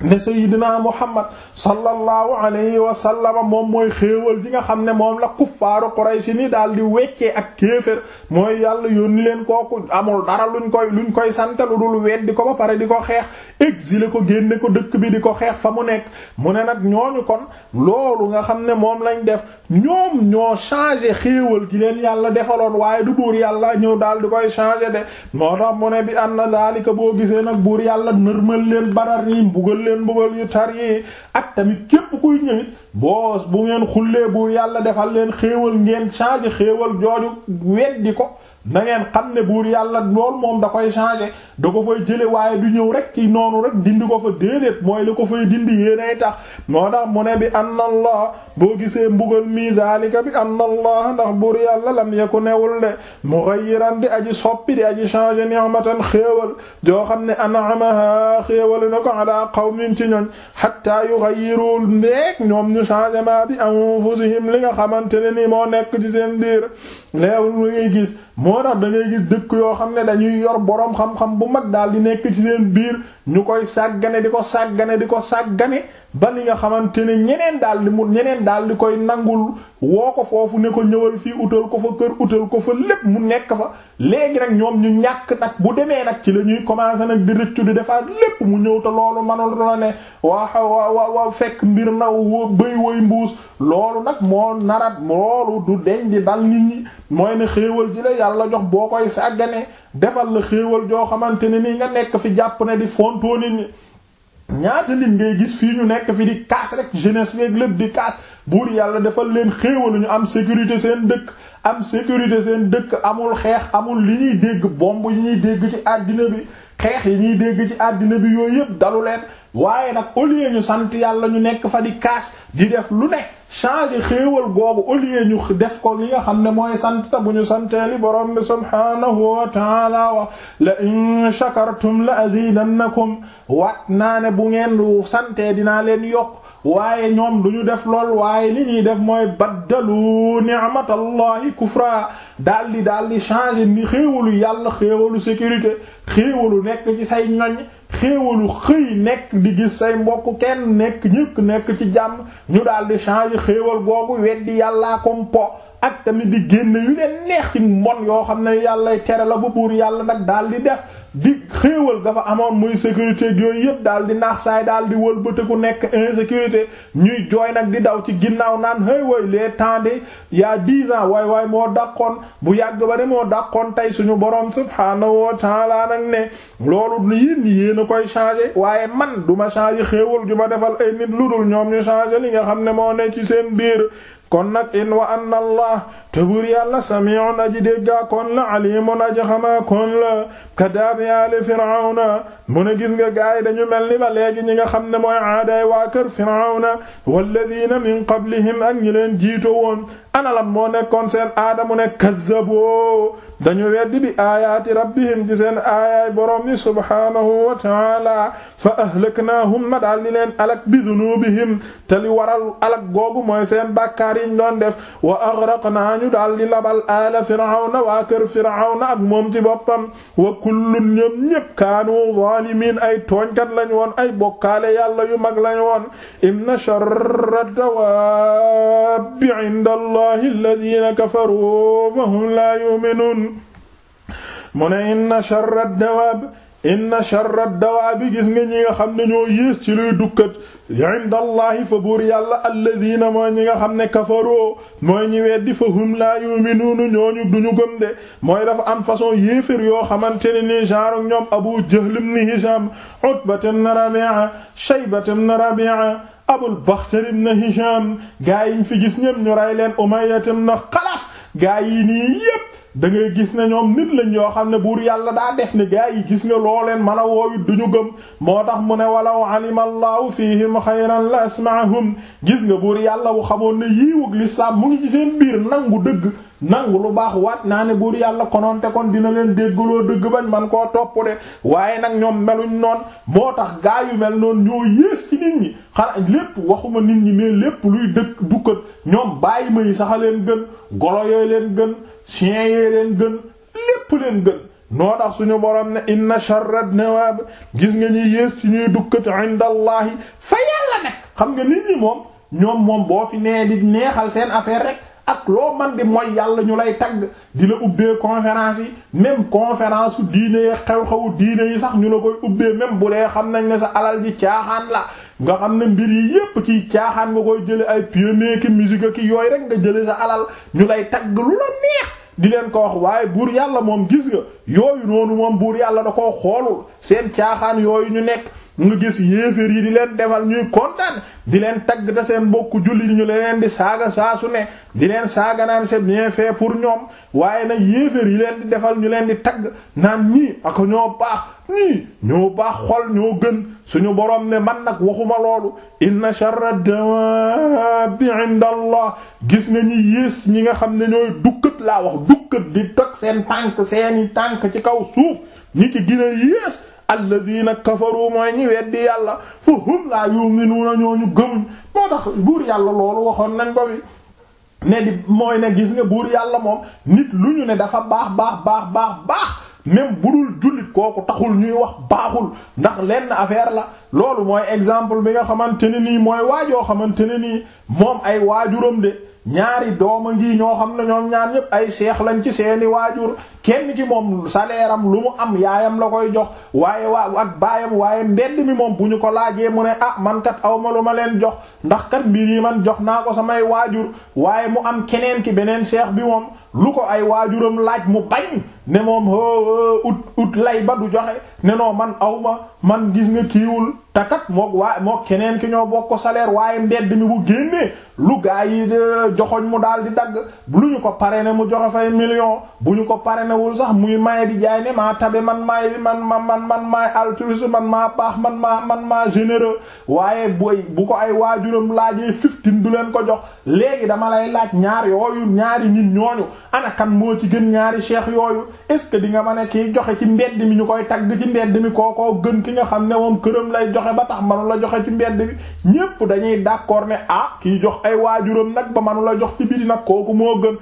ne Seydina Muhammad sallallahu alayhi wa sallama moom mooy xéewal ji nga xam ne moom la kuffaaru Quraysh ni daal di weccee ak kéefër mooy yàlla yónni leen kooku amul dara luñ koy luñ koy sant lu dul weddi ko ba pare di ko xeex exilé ko génne ko dëkk bi di ko xeex fa mu nekk mu ne nag ñooñu kon loolu nga xam ne moom lañ def ñoom ñoo changé xéewal gi leen yàlla defaloon waaye du buur yàlla ñëw daal di koy changé de moo tax mu ne bi anna zalika boo gisee nag buur yàlla nërmal leen barar yi mbugal leen mbugal yu tar yi ak tamit képp kuy ñëwit boos bu ngeen xullee bu yàlla defal leen xéewal ngeen changer xéewal jooju weddi ko na ngeen xam ne buur yàlla lool moom da koy changer da ko fay jële waaye du ñëw rek ki noonu rek dindi ko fa déedéet mooy la ko fay dindi yéenay tax moo tax mu ne bi ann allah boo gisee mbugal mi zalika bi ann allah ndax buur yàlla lam yeku newul de mughayyiran di aji soppi di aji changer ni'matan xéewal joo xam ne an'amaha xéewal na nako ala qawmin ci ñoñ hatta yughayyiru ndeek ñoom ñu changer ma bi anfusihim li nga xamante ne ni moo nekk ci seen biir leewul moo tax da gis dëkk yoo xam ne dañuy yor boroom xam-xam bu mag daal di nekk ci seen biir ñu koy sàggane di ko sàggane di ko sàggane ba li nga xamante ne ñeneen daal di mu ñeneen daal di koy nangul woo ko foofu ne ko ñëwal fii utal ko fa kër utal ko fa lépp mu nekk fa léegi nag ñoom ñu ñàkk nag bu demee nag ci lañuy ñuy commencer nag di rëccu di defaat lépp mu ñëw te loolu manul la ne waa waa waa fekk mbir na bëy woy mbuus loolu nag moo narat loolu du deñ di dal nit ñi mooy ne xéewal ji la yàlla jox boo koy sàggane defal la xéewal joo xamante ne nii nga nekk fi jàpp ne di fontoo nit ñi ñaata lim ngay gis fii ñu nekk fi di kaas rek jeunesse bi di kaas buur yàlla defal leen xéewalu ñu am sécurité seen dëkk am sécurité seen dëkk amul xeex amul li ñuy dégg bomb yi dégg ci àddina bi xeex yi ñuy dégg ci àddina bi yooyu yëpp dalu leen waaye nag au lieu ñu sant yàlla ñu nekk fa di kaas di def lu ne changer xéewal googu au ñu def ko li nga xam ne mooy sant ta bu ñu santee li borom bi subhaanahu wa taala wa la in shakartum la azidannakum waat naa ne bu ngeen santee dinaa leen yokk waaye ñoom du ñu def lool waaye li ñuy def mooy baddalu ni'matallahi kufra daldi daldi changer ni xéewalu yàlla xéewalu sécurité xéewalu nekk ci say ñoñ xéewalu xëy nekk di gis say mbokku kenn nekk ñëkk nekk ci jàmm ñu daldi changer xéewal googu weddi yàlla comme po ak tamit di génn yu leen neex ci mbon yoo xam ne yàllay tere la ba buur yàlla nag di def di xéewal dafa amoon muy sécurité yooyu yëpp daal di naax saay daal di wëlbate ku nekk insécurité ñuy jooy nag di daw ci ginnaaw naan hey way les temps de y'a dix ans waay waay moo dàqoon bu yàgg ba ne moo dàqoon tey suñu borom subhaanahu wa ta'ala nag ne loolu yéen yéen a koy changé waaye man du ma changer xéewal ju ma defal ay nit lu dul ñoom ñu changer li nga xam ne moo ne ci seen biir kon nag in wa anna allah te buur la sami'un aji déggaa kon la alimun aji xamaa kon la kadaabi aali firawna mu ne gis nga gaay dañu mel ni ba léegi ñi nga xam ne mooy aaday waa kër firawna walladina min qablihim ak ñi leen jiito woon analam moo nekkoon seen aada mu ne kazzaboo dañu weddi bi aayaati rabbihim ci seen aayaay borom bi subhaanahu wa taala fa ahlaknaahum ma daal di leen alak bi dunubihim te li waral alak googu mooy seen bàkkaar yiñ doon def wa ñu daal di labal ala firawna waa kër firawna ak moom ci boppam wa kullun ñoom ñépp kaanu zalimin ay tooñkat lañ woon ay bokkaale yàlla yu mag lañ woon inna sharra dawaabi inda allahi alladhina kafaru fa hum la yu'minun mu ne inna sharra dawaabi inna sharra dawaabi gis nga ñi nga xam ne ñoo yées ci luy dukkat indallahi fa buur yàlla alladina mooy ñi nga xam ne kafaroo mooy ñi weddi fa hum laa yuminuunu ñooñu duñu gëm de mooy dafa am façon yéefér yoo xamante ne nii genre ñoom abu jahl ibn hisham utbat ibn rabi'a shaybat ibn rabi'a abul baxtar ibn hisham gaa fi gis ñëm ñu ray leen umayya ibn xalaf yi nii da ngay gis na ñoom nit lañ yoo xam ne buur yàlla daa def ni gaa yi gis nga loo leen mën a du ñu gëm moo tax mu ne walaw alima allahu fihim xayran la asmaahum gis nga buur yàlla bu xamoon ne yiiwug lislaam mu ngi ci seen biir nangu dëgg nangu lu baax waat naa ne buur yàlla kononte kon dina leen déggaloo dëgg bañ man koo topp de waaye nag ñoom meluñ noon moo tax gaa yu mel noon ñoo yées ci nit ñi xanaa lépp waxuma nit ñi mais lépp luy dëkk dukkat ñoom bàyyi ma yi chien yee leen gën lépp leen gën noo tax suñu borom ne inna sharra dawaab gis nga ñuy yées ci ñuy dukkat indallaahi fa yàlla nag xam nga nit ñi moom ñoom moom boo fi nee di neexal seen affaire rek ak loo man di mooy yàlla ñu lay tagg di la ubbee conférence yi même conférence su diine xew-xewu diine yi sax ñu la koy ubbee même bu dee xam nañ ne sa alal ji caaxaan la nga xam ne mbir yi yépp ci caaxaan nga koy jële ay piano ki musique ki yooyu rek nga jële sa alal ñu lay tagg di leen ko wax waaye buur yàlla moom gis nga yooyu noonu moom buur yàlla da ko xoolul seen caaxaan yooyu ñu nekk nga gis yéeféer yi di leen defal ñuy kontaan di leen tagg da seen bokku julli ñu leen di saaga saa su di leen saaga naan c'est bien fait pour ñoom waaye nag yéeféer yi leen di defal ñu leen di tagg naan ñii ak ñoo baax ñii ñoo baax xol ñoo gën suñu borom ne man nag waxuma loolu inna sharra dawabi inda allah gis nga ñi yées ñi nga xam ne ñooy dukkat laa wax dukkat di toj seen tànk seeni tànk ci kaw suuf ñi ci gina yées alladina kafaru mooy ñi weddi yàlla fu hum laa yu'minuuna ñooñu gëmuñ moo tax buur yàlla loolu waxoon nañ ko bi ne di mooy ne gis nga buur yàlla moom nit lu ñu ne dafa baax baax baax baax baax même bu dul jullit kooku taxul ñuy wax baaxul ndax lenn affaire la loolu mooy exemple bi nga xamante ne nii mooy waajoo xamante ne nii moom ay waajuram de ñaari dooma ngi ñoo xam ne ñoom ñaar ñépp ay seex lañ ci seeni waajur kenn ki moom saleeram lu mu am yaayam la koy jox waaye waa ak baayam waaye mbedd mi moom bu ñu ko laajee mu ne ah man kat aw ma lu ma leen jox ndax kat mbir yi man jox naa ko samay waajur waaye mu am keneen ki beneen cheikh bi moom lu ko ay waajuram laaj mu bañ ne moom ut ut lay ba du joxe ne noo man aw ma man gis nga kiiwul takat mook waa mook keneen ki ñoo bokk salaire waaye mbedd mi bu génnee lu gaa yi joxoñ mu daal di dagg lu ñu ko pare ne mu joxe fay million bu ñu ko pare ne tanewul sax muy maye di jaay ne maa tabe man maay man ma man man maay altruiste man maa baax man maa man maa généreux waaye boy bu ko ay waajuram laajee fifteen du leen ko jox léegi dama lay laaj ñaar yooyu ñaari nit ñooñu ana kan moo ci gën ñaari cheikh yooyu est-ce que di nga mën a kiy joxe ci mbedd mi ñu koy tagg ci mbedd mi kookoo gën ki nga xam ne moom këram lay joxe ba tax manu la joxe ci mbedd mi ñépp dañuy d'accord ne ah kii jox ay waajuram nag ba manula jox ci biti nag kooku moo gën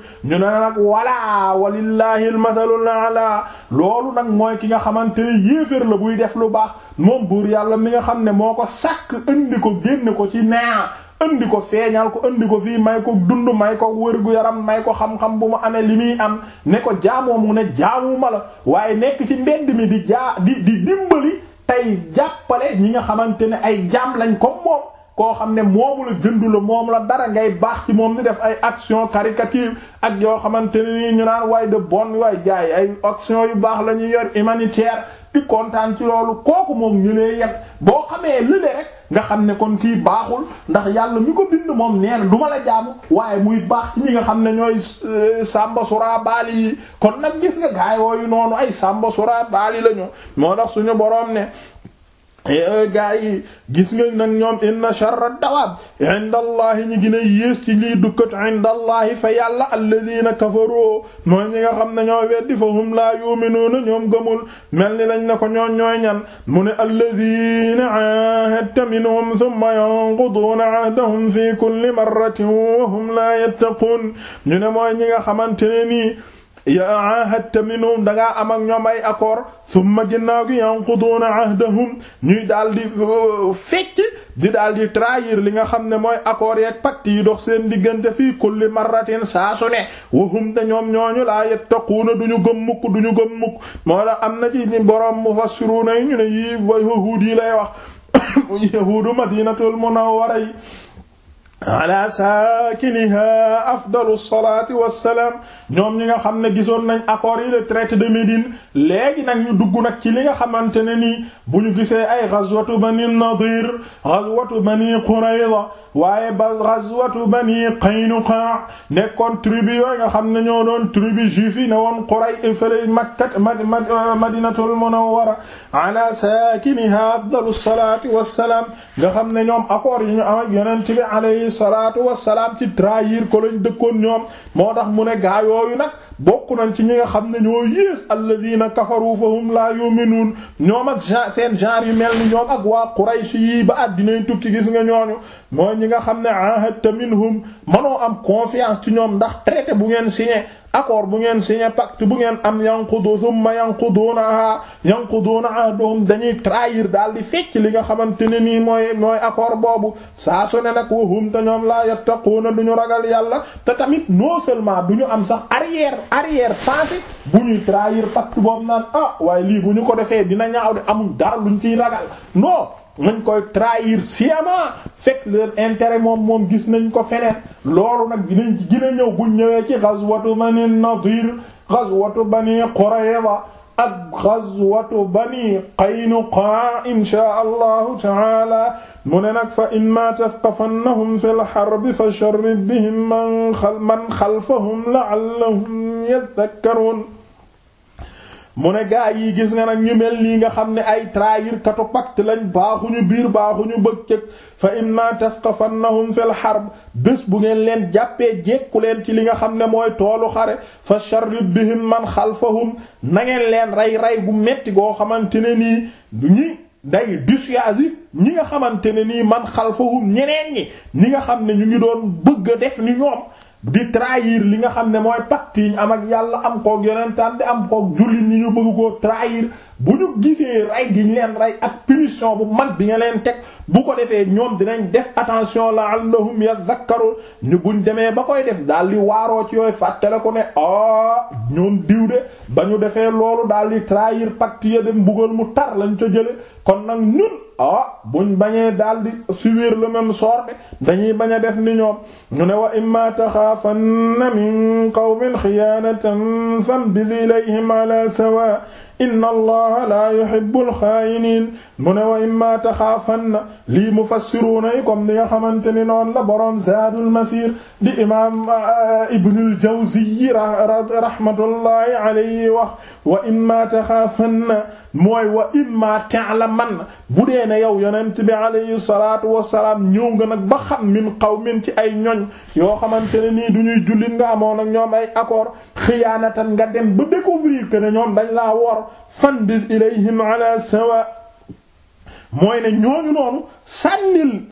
masalul ala loolu nag mooy ki nga xamante ni yéeféer la buy def lu baax moom buur yàlla mi nga xam ne moo ko sàkk indi ko génne ko ci naa indi ko feeñal ko ëndi ko fii may ko dund may ko wër-gu-yaram may ko xam-xam bu mu amee li muy am ne ko jaamoo mu ne jaamuma la waaye nekk ci mbedd mi di jaa di di dimbali tey jàppale ñi nga xamante ne ay jaam lañ ko moom koo xam ne moomu la jëndu la moom la dara ngay baax ci moom di def ay action caricature ak yoo xamante ne ñu naan waay de bon waay jaay ay action yu baax la ñuy yor humanitaire di kontaan ci loolu kooku moom ñu lay yegg boo xamee lële rek nga xam ne kon kii baaxul ndax yàlla mi ko bind moom nee na du ma la jaamu waaye muy baax ci ñi nga xam ne ñooy euh, sàmba sura baali yi kon nag gis nga yu noonu ay sàmba sura baali la lañu moo tax suñu boroom ne Eh, eh, gaa yi gis nga nag ñoom inna sharra dawaab inda allahi ñi gën a yées ci lii dukkat inda allahi fa yàlla alladina kafaroo mooy ñi nga xam ne ñoo weddi fa hum laa yuminuuna ñoom gëmul mel ni lañ ne ko ñoon ñooy ñan mu ne alladina aahadta minhum thumma yanquduuna ahdahum fi kulli marratin wa hum laa yattaquun ñu ne mooy ñi nga xamante ne nii yaa ahadta minhum dangaa am ak ñoom ay accord summa ñuy daal di uh, fecc li nga xam ne mooy accords yeeg pacte yi seen diggante fii kulli marratin saa su ne wahum ñu gëm mukk du ñu gëm na ci wax yahuudu madinatul munawwara ala saakiniha afdalu salaati wassalaam ñoom ñi nga xam ne gisoon nañ accord yi le traité de Médine léegi nag ñu dugg nag ci li nga xamante ne nii bu ñu gisee ay ghazwatu bani nadir ghazwatu bani qurayza waaye ba ghazwatu bani qaynuqa nekkoon tribu yooyu nga xam ne ñoo doon tribu juif yi ne woon Quraysh fële makkat madinatul munawwara ala saakiniha afdalu salaati wassalaam nga xam ne ñoom accord yi ñu am ak yonent bi alayhi salaatu wassalaam ci trahir ko lañ dëkkoon ñoom moo tax mu ne gaa yooyu nag bokku nañ ci ñi nga xam ne ñoo yées alladina kafaru fahum la yu'minun ñoom ak gen seen genre yu mel ni ñoom ak waa Quraysh yi ba àddinañ tukki gis nga ñooñu mooy ñi nga xam ne ahadta minhum mënoo am confiance ci ñoom ndax traité bu ngeen signé accord bu ngeen signé pacte bu ngeen am yanqudu thumma yanqudunaha yanquduna doom dañuy trahir daal di fecc li nga xamante ne nii mooy mooy accord boobu saa su ne nag wahum te ñoom laa yattaquuna du ñu ragal yàlla te tamit non seulement du ñu am sax arrière arrière pensée bu ñuy trahir pacte boobu naan ah waaye lii bu ñu ko defee dina ñaaw de amul dara luñ ciy ragal non nuñ koy trahir sciemment fekk leur intérêt moom moom gis nañ ko feneen loolu nag dinañ ci gën a ñëw buñ ñëwee ci ghazwatu Bani Nadir ghazwatu Bani Qurayza ak ghazwatu Bani Qaynuqa inshaa Allahu ta'ala mu ne nag fa imma tathqafannahum fil harbi fasharrid bihim man khalfahum la'allahum yadhakkarun mu ne gaa yi gis nga nag ñu mel nii nga xam ne ay trahir katu pacte lañ baaxuñu biir baaxuñu bëccëg fa imma tasqafannahum fil harb bés bu ngeen leen jàppee jekku leen ci li nga xam ne mooy toolu xare fa sharrib bihim man xalfahum na nangeen leen rey rey bu metti goo xamante ne nii du ñi day dissuasif ñi nga xamante ne nii man xal xalfahum ñeneen ñi ñi nga xam ne ñu ngi doon bëgg a def ni ñoom di trahir li nga xam ne mooy pacte yi am ak yàlla am koog yonentam bi am koog jullit ñi ñu bëgg koo trahir bu ñu gisee rey gi ñu leen rey ak punition bu mag bi nga leen teg bu ko defee ñoom dinañ def attention la la'allahum yadhakkarun ñu buñ demee ba koy def daal di waaroo ci yooyu fàttale ko ne ah ñoom diw de ba ñu defee loolu daal di trahir pacte ya de mbugal mu tar lañ ca jële kon nag ñun ah buñ bañee daal di subir le même sort de dañuy bañ a def ni ñoom ñu ne wa imma taxaafanna min qawmin xiyaanatan fambid ilayhim ala sawa inna allaha laa yuhibbul xaayiniin mu ne wa imma taxaafanna lii mufassiruuna yi comme ni nga xamante ni noonu la boroom zaadul masiir di imaam euh, ibnul jawzi rahmatullahi alayhi wax wa imma taxaafanna mooy wa imma ta'laman bu dee ne yow yonent bi alayhi salaatu wassalaam ñëw nga nag ba xam min qawmin ci ay ñoñ yoo xamante ne nii du ñuy jullit nga amoon ak ñoom ay accord xiyaanatan nga dem ba découvrir que ne ñoom dañ laa wor nar fandid ilayhim ala sawa mooy ne ñooñu noonu sànnil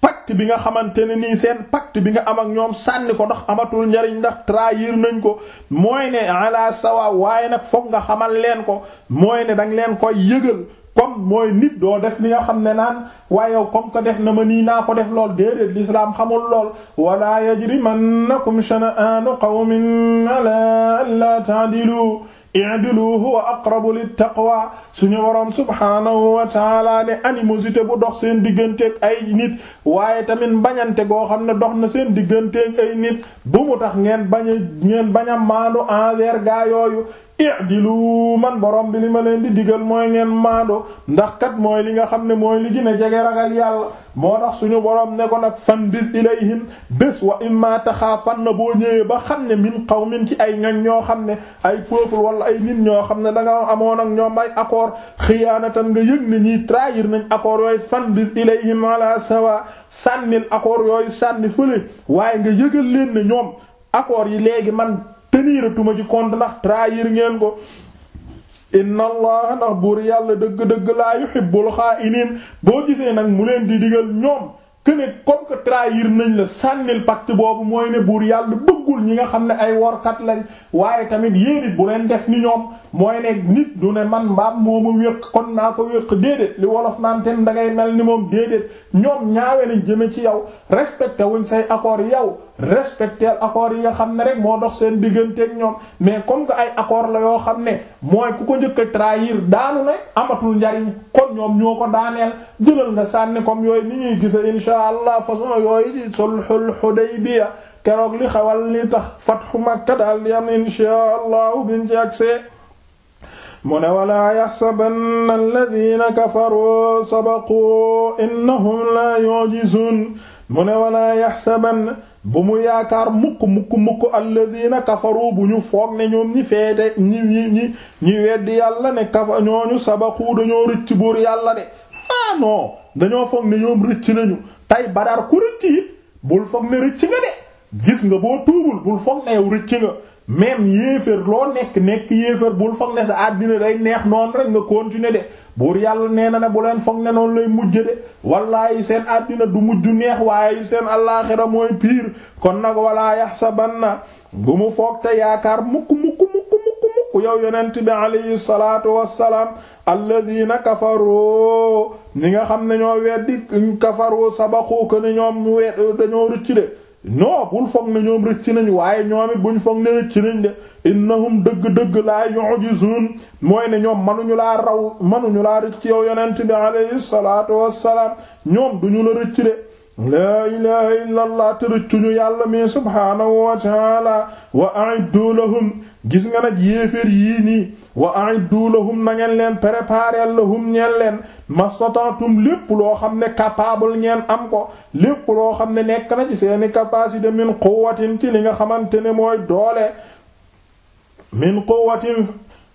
pacte bi nga xamante ne nii seen pacte bi nga am ak ñoom sànni ko ndax amatul njariñ ndax trahir nañ ko mooy ne ala sawa waaye nag fokk nga xamal leen ko mooy ne danga leen koy yëgal kon mooy nit doo def li nga xam ne naan waaye comme que def na ma nii naa ko def lool déedéet l'islam xamul lool wala yajrimannakum shana'anu qawmin ala alla ta'dilu i'dilu huwa aqrabu littaqwa suñu boroom subhaanahu wa taala ne animosité bu dox seen digganteeg ay nit waaye tamit mbañante goo xam ne dox na seen digganteeg ay nit bu mu tax ngeen bañ a ngeen bañ a maandu gaa yooyu lu man borom bi li ma leen di digal mooy ngeen maando ndax kat mooy li nga xam ne mooy li gën a jege ragal yàlla moo tax suñu borom ne ko nag fan bis ilayhim bés wa fan na boo ñëwee ba xam ne xaw qawmin ci ay ñoñ ñoo xam ne ay peuple wala ay nit ñoo xam ne danga nga amoon ak ñoom ay accord xiyaanatan nga yëg ne ñiy trahir nañ accord yooyu fan bis ilayhim ala sawa sànnil accord yooyu sànni fële waaye nga yëgal leen ne ñoom accord yi léegi man teniiratuma ci compte ndax trahir ngeen ko inna ndax buur yàlla dëgg-dëgg laa yuhibbul xaa'iniin boo gisee nag mu leen di digal ñoom que ne comme que trahir nañ la sànnil pacte boobu mooy ne buur yàlla bëggul ñi nga xam ne ay workat lañ waaye tamit yéen bu leen def ni ñoom mooy ne nit du ne man mbaam ma wéq kon naa ko wéq déedéet li wolof naan ten da ngay mel ni moom déedéet ñoom ñaawe nañ jëme ci yow respecté wuñ say accords yow respecté accords yi nga xam ne rek moo dox seen digganteeg ñoom mais kon que ay accords la yoo xam ne mooy ku ko njëkk trahir daanu ne amatul njariñ ko insha allah façon yooyu di sulhul Hudaybiya keroog li xawal li tax fathu Makka daal di am insha allah biñ ci agsee mu ne walaa yaxsabanna alladina kafaru sabaqu innahum la yu'jizun mu ne walaa yaxsabanna bu mu yaakaar mukk mukk mukk alladina kafaru bu ñu foog ne ñoom ñi feete ñi ñi ñi weddi ne kafa ñooñu sabaqu dañoo rëcc buur yàlla de ah non tey badar ku rëcc it bul foog ne rëcc nga de gis nga boo tuubul bul foog ne yow rëcc nga même yéeféer loo nekk nekk yéeféer bul foog ne sa àddina day neex noon rek nga continuer de buur yàlla nee na ne bu leen foog ne noonu lay mujje de wallaahi seen àddina du mujj neex waaye seen allaaxira mooy piir kon nag walaa yaxsabanna bu mu foog te yaakaar mukk mukk mukk yokk yow yonent bi alayhi salaatu wassalaam alladina kafaroo ñi nga xam ne ñoo weddi kafaroo sabaqu ko ne ñoom wedd dañoo rëcc de non bul foog ne ñoom rëcc nañ waaye ñoom it buñ foog ne rëcc nañ de innahum dëgg-dëgg laa yu'jizun mooy ne ñoom manuñu laa raw manuñu laa rëcc yow yonent bi alayhi salaatu wassalaam ñoom duñu la rëcc de laa ilaha illa allah tërëccuñu yàlla mi subhaanahu wa taala wa a'iddu lahum gis nga nag wa a'iddu lahum na leen préparer lahum ñeen leen mastata'tum lépp loo xam ne capable ngeen am ko lépp loo xam ne nekk na ci seeni capacité min quwwatin ci li nga xamante ne mooy doole min quwwatin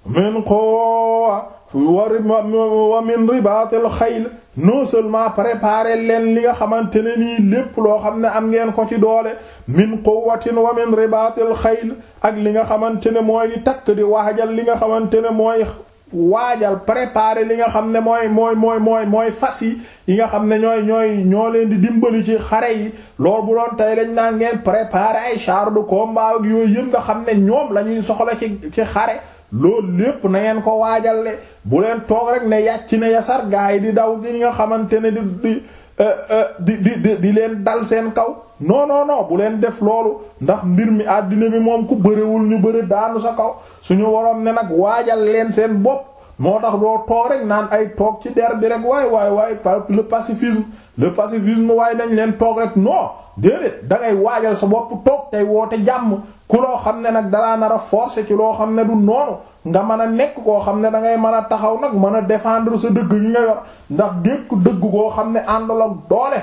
min quwwa wa min ribaatil xayl non seulement préparer leen li nga xamante ne nii lépp loo xam ne am ngeen ko ci doole min quwwatin wa min ribatil xayl ak li nga xamante ne mooy di takk di waajal li nga xamante ne mooy waajal préparer li nga xam ne mooy mooy mooy mooy mooy fas yi yi nga xam ne ñooy ñooy ñoo leen di dimbali ci xare yi loolu bu doon tey dañ naan ngeen préparer ay chars de combat yooyu yëpp nga xam ne ñoom la ñuy soxla ci ci xare loolu lépp na ngeen ko waajal de bu leen toog rek ne yàcc ne yasar gaa yi di daw di nga xamante ne di eh, eh, di di di di leen dal seen kaw noo noo non bu leen def loolu ndax mbir mi àddina bi moom ku bëriwul ñu bëri daanu sa kaw suñu waroon ne nag waajal leen seen bopp moo tax doo toog rek naan ay toog ci der bi rek waay waay waay le pacifisme le pacifisme waaye dañ leen toog rek non. déedéet dangay waajal sa bopp toog tey woote jàmm ku loo xam ne nag dalaa nar a forcer ci loo xam ne du noonu nga mën a nekk koo xam ne dangay mën a taxaw nag mën a défendre sa dëgg ñu nga yor ndax gékk dëgg koo xam ne àndul ak doole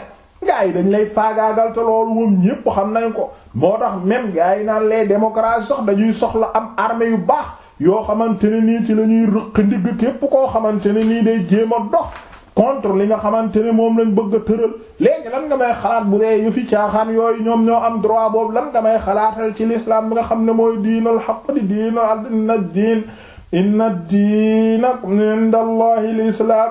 gaa yi dañ lay faagaagal te loolu moom ñépp xam nañ ko moo tax même gaa yi naan les démocraties sax dañuy soxla am armée yu baax yoo xamante ne nii ci la ñuy rëq ndigg képp koo xamante ne nii day jéem a dox contre li nga xamante ne moom lañ bëgg a tëral léegi lan nga may xalaat bu dee yëfi caaxaan yooyu ñoom ñoo am droit boobu lan nga may xalaatal ci lislaam bi nga xam ne mooy diinal xaq di diina inna diin inna diina inda allahi l'islam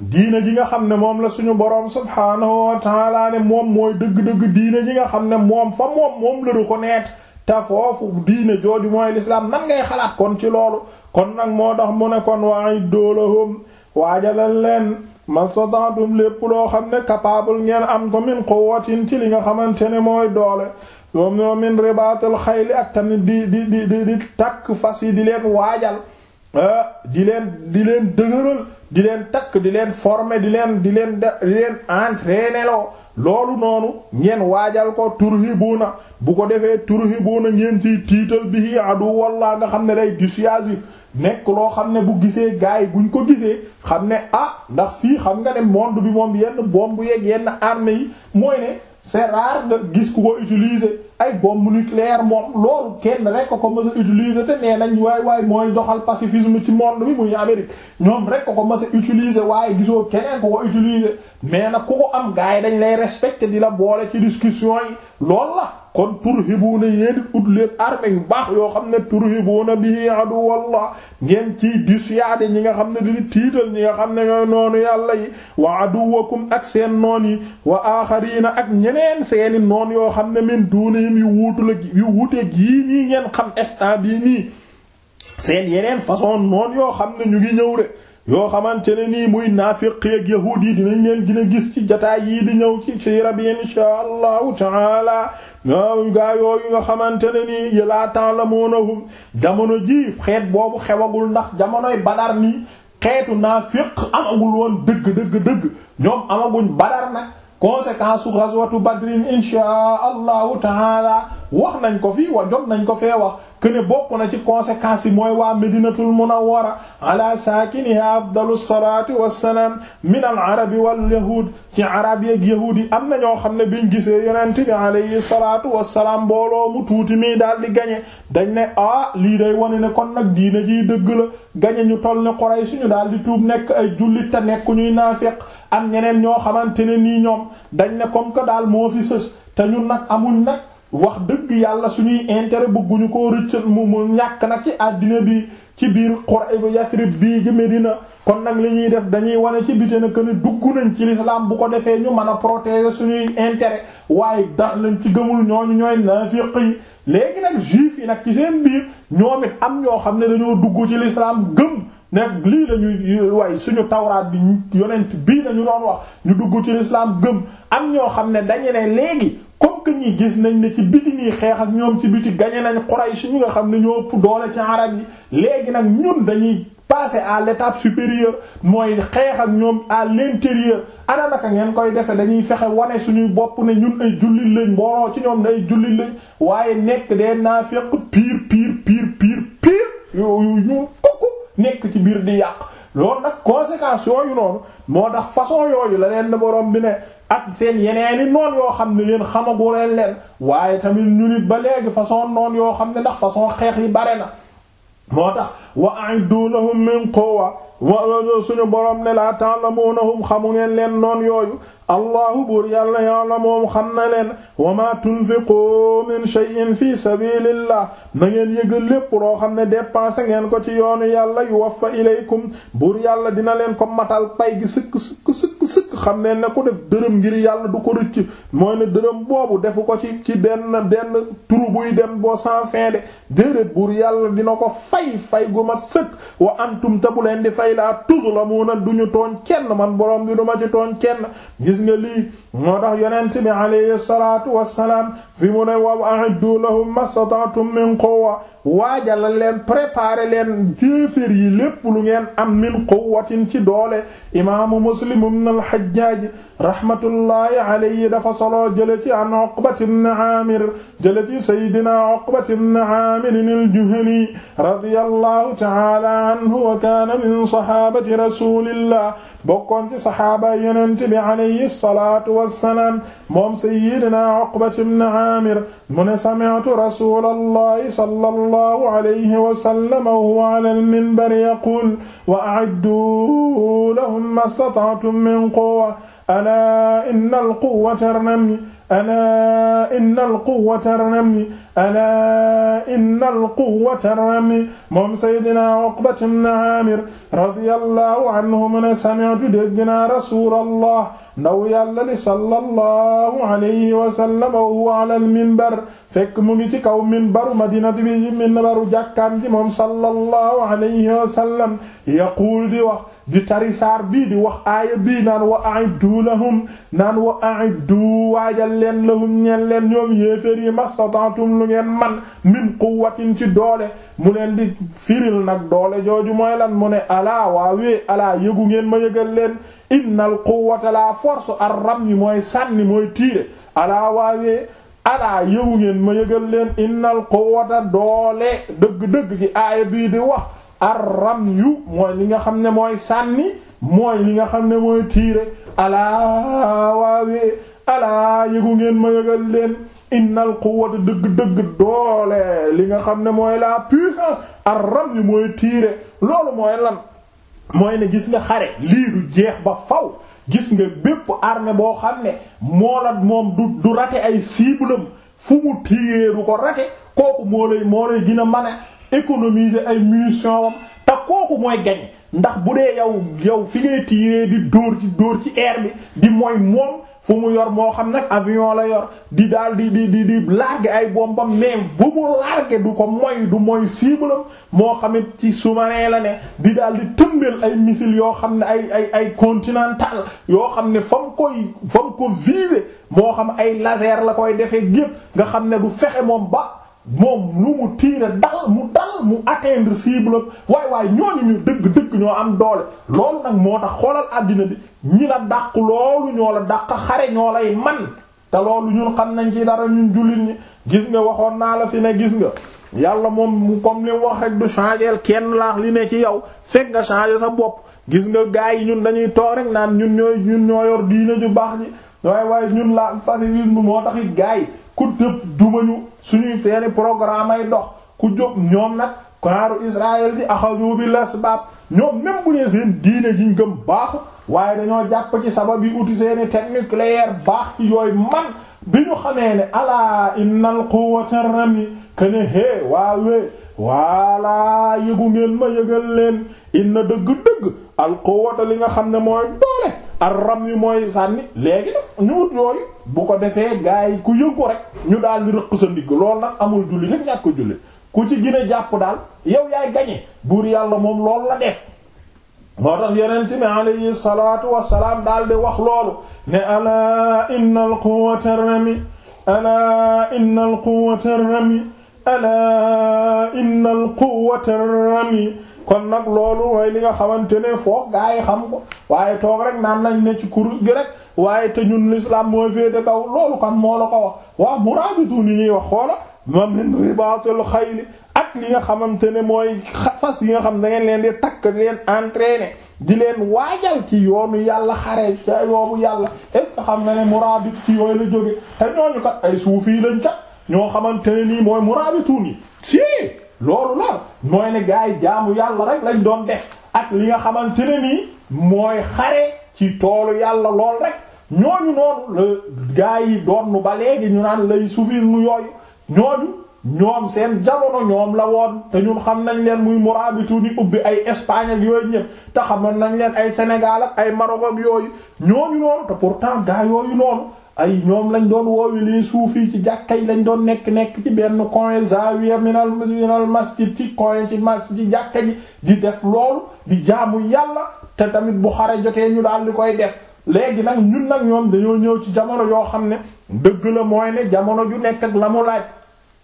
diina ji nga xam ne moom la suñu boroom subhaanahu wa ne moom mooy dëgg-dëgg diina ji nga xam ne moom fa moom moom la reconnaître te foofu diine jooju mooy nan ngay xalaat kon ci loolu kon nag moo tax mu ne kon waiddoolahum waajalal leen mastata'tum lépp loo xam ne capable ngeen am ko min quwwatin ci li nga xamante ne mooy doole moom ñoo min ribaatal xayli at tamit di di di di di takk fas yi di leen waajal di leen di leen dëgëral di leen takk di leen former di leen di leen di leen entraîner loo loolu noonu ngeen waajal ko turhibuuna bu ko defee turhibuuna ngeen ciy tiital bi adu walla nga xam ne day dissuasif nekk loo xam ne bu gisee gars yi buñ ko gisee xam ne ah ndax fii xam nga ne monde bi moom yenn bombe yeeg yenn armée yi mooy ne c'est nga gis ku ko utiliser ay bombe nucléaire moom loolu kenn rek ko mës a utiliser te nee nañ waay waay mooy doxal pacifisme ci monde bi muy Amérique ñoom rek ko ko mës a utiliser waaye gisoo keneen ko ko utiliser mais nag ku ko am gars dañ lay respecter di la boole ci discussion yi loolu la kon turhibuuna yéen ut leen armée yu baax yoo xam ne turhibuuna bihi aduwallah ngeen ciy dissuader ñi nga xam ne di tiital ñi nga xam ne ñooy noonu yàlla yi wa aduwakum ak seen noon yi wa axarina ak yeneen yu wuutu la yu yii nii ngeen xam instant bii nii seen yeneen façon noonu yoo xam ne ñu ngi ñëw de yoo xamante ne nii muy naafiq ak yahuud yi dina leen gën gis ci jataay yii di ñëw ci siira bi inshaa allahu taala ñoo gaa yooyu nga xamante ne nii yëlaa temps la moonahum jamono ji xeet boobu xewagul ndax jamonoy badar nii xeetu naafiq amagul woon dëgg dëgg dëgg ñoom amaguñ badar nag conséquence su ghazwatu badrin insha allahu taala wax nañ ko fii wa jot nañ ko fee wax ne bokk na ci conséquences yi mooy waa Madinatul Munawwara ala saakiniha afdalu salaatu wassalaam min al arabi wal yahud ci arab yeeg yahuud yi am na ñoo xam ne biñ gisee yonent bi alayhi salaatu wassalaam mbooloo mu tuuti mii daal di gañe dañ ne ah lii day wane ne kon nag diine ji dëgg la gañe ñu tol ne Quraysh suñu daal di tuub nekk ay jullit te nekk ñuy naafiq am ñeneen ñoo xamante ne nii ñoom dañ ne comme que daal moo fi sës te ñun nag amuñ nag. wax dëgg yàlla suñuy intérêt bëgguñu ko rëccal mu mu ñàkk nag ci àddina bi ci biir xora bu Yasrib bii ci Medina kon nag li ñuy def dañuy wane ci biti na que ne dugg nañ ci lislaam bu ko defee ñu mën a protéger suñuy intérêt waaye dara lañ ci gëmul ñooñu ñooy naafiq yi léegi nag juif yi nag ci seen biir ñoom it am ñoo xam ne dañoo dugg ci l'islam gëm nekk lii la ñuy way suñu tawraat bi yonent bii la ñu doon wax ñu dugg ci lislaam gëm am ñoo xam ne dañu ne léegi comme que ñi gis nañ ne ci biti nii xeex ak ñoom ci biti gañe nañ Quraysh ñu nga xam ne ñoo ëpp doole ci arab yi léegi nag ñun dañuy passer à l'étape supérieur mooy xeex ñoom à l'intérieur ana naka ngeen koy defe dañuy fexe wane suñuy bopp ne ñun ay julli lañ mbooloo ci ñoom ay julli lañ waaye nekk dee naa fekk pire pire pire pire yooyu ñu nekk ci biir di yàq loolu nag conséquences yooyu noonu moo tax façon yooyu la leen borom bi ne at seen yeneeni noon yoo xam ne yéen xamagu leen leen waaye tamit ñu nit ba léegi façon noon yoo xam ne ndax façon xeex yi bare na moo tax wa a'iddu lahum min quwwa wa suñu borom ne laa ta'lamuunahum xamu ngeen leen noon yooyu allahu buur yàlla yàlla moom xam na leen wa ma tunfiqu min shay'in fi sabilillah na ngeen yëg lépp roo xam ne dépensé ngeen ko ci yoonu yàlla yuwaffa ilaykum buur yàlla dina leen ko matal pay gi sëkk sëkk sëkk sëkk xam ne ne ko def dërëm ngir yàlla du ko rëcc mooy ne dërëm boobu defu ko ci ci benn benn turu buy dem boo sans fin de déedéet buur yàlla dina ko fay fay gu mat sëkk wa antum la laa tuzlamuuna duñu tooñ kenn man borom bi duma ci tooñ kenn gis nga lii moo tax yonent bi alayhi salaatu wassalaam fi mu ne waw a'iddu lahum mastata'tum min quwwa waajalal leen préparer leen jéefér yi lépp lu ngeen am min quwwatin ci doole imaamu muslim ibn al-hajjaj rahmatullahi alayhi dafa solo jële ci an uqbat ibn aamir jële ci saydina uqbat ibn aamir al-juhani radiyallahu ta'ala anhu wa kaana min sahabati rasulillah bokkoon ci sahaaba yonent bi alayhi salatu wassalaam moom saydina uqbat ibn aamir Aamir mu ne sami'tu rasuulallahi sallallahu alayhi wa sallam wa huwa ala al-minbar yaquul wa a'iddu lahum mastata'tum min quwwa alaa inna al-quwwata ar-ramy alaa inna al-quwwata ar-ramy alaa inna al-quwwata ar-ramy moom Seydina Uqbata ibn Aamir radiyallahu anhu mu ne sami'tu dégg naa rasuulallah ndaw yàlla li sallallahu alayhi wa sallam wa huwa ala al minbar fekk mu ngi ci kaw minbaru madinati bi minbaru jàkkaan ji moom sallallahu alayhi wa sallam yaquul di wax di tari saar bii di wax aaya bii naan wa a'iddu lahum naan wa a'iddu waajal leen lahum ñeen leen ñoom yéeféer yi mastata'tum lu ngeen man min quwwatin ci doole mu leen di firil nag doole jooju mooy lan mu ne alaa waawee alaa yëgu ngeen ma yëgal leen innal quwwata la force ar-ram yi mooy sànni mooy tiire alaa waawee alaa yëgu ngeen ma yëgal leen innal quwwata doole dëgg-dëgg ci aaya bii di wax arram yu mooy li nga xam ne mooy sànni mooy li nga xam ne mooy tiire alaa waawee alaa yëgu ngeen ma yëgal leen innal quwwata dëgg-dëgg doole li nga xam ne mooy la puissance arram yu mooy tiire loolu mooy lan mooy ne gis nga lii du jeex ba faw gis nga bépp armée boo xam ne moo la moom du rate ay cible fu mu tiiree du ko rate kooku moo lay moo lay gën a mane économiser ay munitions am ta kooku mooy gañ ndax bu dee yow yow fi ngay tirer di dóor ci dóor ci air bi di mooy moom fu mu yor moo xam nag avion la yor di daal di di di di larguer ay bombam mais bu mu larguer du ko moy du mooy cible moo xamit ci sous-marin la ne di daal di tëmbeel ay missiles yoo xam ne ay ay ay continental yoo xam ne fa mu koy fa mu ko viser moo xam ay laser la koy defee gépp nga xam ne du fexe moom ba moom lu mu tiire dal mu dal mu atteindre cible waay waay ñooñu ñu dëgg-dëgg ñoo am doole loolu nag moo tax xoolal àddina bi ñi la dàq loolu ñoo la dàq xare ñoo lay man te loolu ñun xam nañ ci dara ñun jullit ñi gis nga waxoon naa la fi ne gis nga yàlla moom mu comme li wax rek du changer kenn laax li ne ci yow fekk nga changer sa bopp gis nga gars yi ñun dañuy toog rek naan ñun ñooy ñun ñoo yor diine ju baax ji waaye waaye ñun laa pacifisme moo taxit yi ku dëpp dumañu suñuy feeni programme ay dox ku jóg ñoom nag kaaru Israël di axadu bi lasbab ñoom même bu dee seen diine jiñ gëm baaxu waaye dañoo jàpp ci sabab yi uti seeni technique nucléaire baax ci yooyu man bi ñu xamee ne alaa innal quwwata rami kene hee waawee waalaa yëgu ngeen ma yëgal leen inna dëgg-dëgg al li nga xam ne mooy doole ar ram yu mooy sànni léegi nag ñu yooyu bu ko defee gars yi ku yëg ko rek ñu daal di rëq sa ndigg nag amul julli rek ñàkk ko julli ku ci gën jàpp daal yow yaay gañe buur yàlla moom loolu la def moo tax yonent bi alayhi salaatu wassalaam daal di wax loolu ne alaa inna al rami alaa inna al quwwata al rami kon nag loolu mooy li nga xamante ne foog gaa yi xam ko waaye toog rek naan nañ ne ci kurus gi rek waaye te ñun l'islam mooy féete kaw loolu kan moo la ko wax waaw muraabitu ni ñuy wax xoola ma min ribaatul xayli ak li nga xamante ne mooy fas yi nga xam da ngeen leen di takk di leen entraîner di leen waajal ci yoonu yàlla xare ca yoonu yàlla est ce que xam nga ne muraabit ci yooyu la jóge te ñooñu kat ay suufi lañ ñoo xamante ne nii mooy muraabituun yi si loolu la mooy ne gars jaamu yàlla rek lañ doon def ak li nga xamante ne nii mooy xare ci toolu yàlla lool rek ñooñu noonu la gars yi doon nu ba léegi ñu naan lay mu yooyu ñooñu ñoom seen jamono ñoom la woon te ñun xam nañ leen muy murabitu ni ubbi ay Espagne yooyu ñëpp te xamoon nañ leen ay Sénégal ay Maroc yooyu ñooñu noonu te pourtant gars yooyu noonu. ay ñoom lañ doon woowi les soufi ci jàkka yi lañ doon nekk nekk ci benn coin zawiya minal minal masjid ci coin ci masjid ci jàkka ji di def loolu di jaamu yàlla te tamit bu xare jotee ñu daal di koy def léegi nag ñun nag ñoom dañoo ñëw ci jamono yoo xam ne dëgg la mooy ne jamono ju nekk ak la mu laaj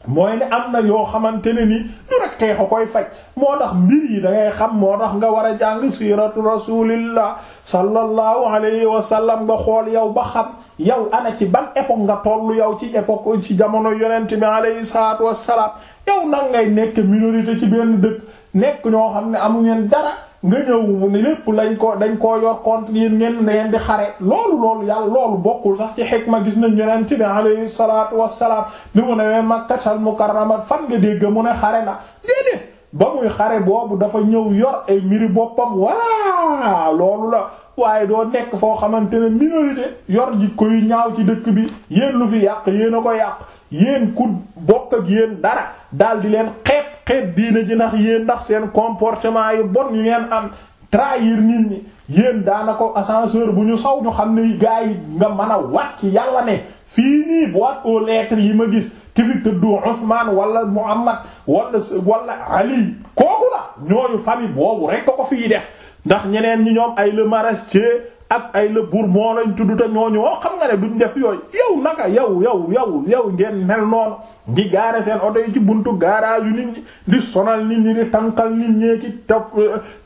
mooy ne am na yoo xamante ne ni du rek xeex koy faj moo tax mbir yi dangay ngay xam moo tax nga war a jàng siiratu rasulillah sallallahu alayhi wa sallam nga xool yow ba xam. yow ana ci ban époque nga toll yow ci époque ci jamono yonent bi alayhi salaatu wassalaam yow nag ngay nekk minorité ci benn dëkk nekk ñoo xam ne amuñu dara nga ñëw ne lépp lañ ko dañ koo yor contre yéen ngeen ne yeen di xare loolu loolu yàlla loolu bokkul sax ci xikma gis nañ yonent bi alayhi salaatu wassalaam bi mu newee Makkatal Mukarrama fan nga dégg mu ne xare na déedéet ba muy xare boobu dafa ñëw yor ay mbiri boppam waa loolu la waaye doo nekk foo xamante ne minorité yor jikko yu ñaaw ci dëkk bi yéen lu fi yàq yéen a ko yàq yéen ku bokk ak yéen dara daal di leen xeeb xeeb diina ji ndax yéen ndax seen comportement yu bon yu ngeen am trahir nit ñi yéen daanaka assanseur bu ñu saw ñu xam ne gars yi nga mën a wàcc yàlla ne fii nii boîte aux lettres yi ma gis ki fi tëdd Ousmane wala Muhammad wala wala Ali kooku la ñooñu famille boobu rek ko ko fii def. ndax ñeneen ñi ñoom ay le ak ay le bourbon lañ tudd te ñooñu woo xam nga ne duñ def yooyu yow naka yow yow yow yow ngeen mel noonu di gaare seen oto yi ci buntu garage yu nit ñi di sonal nit ñi di tànkal nit ñee ci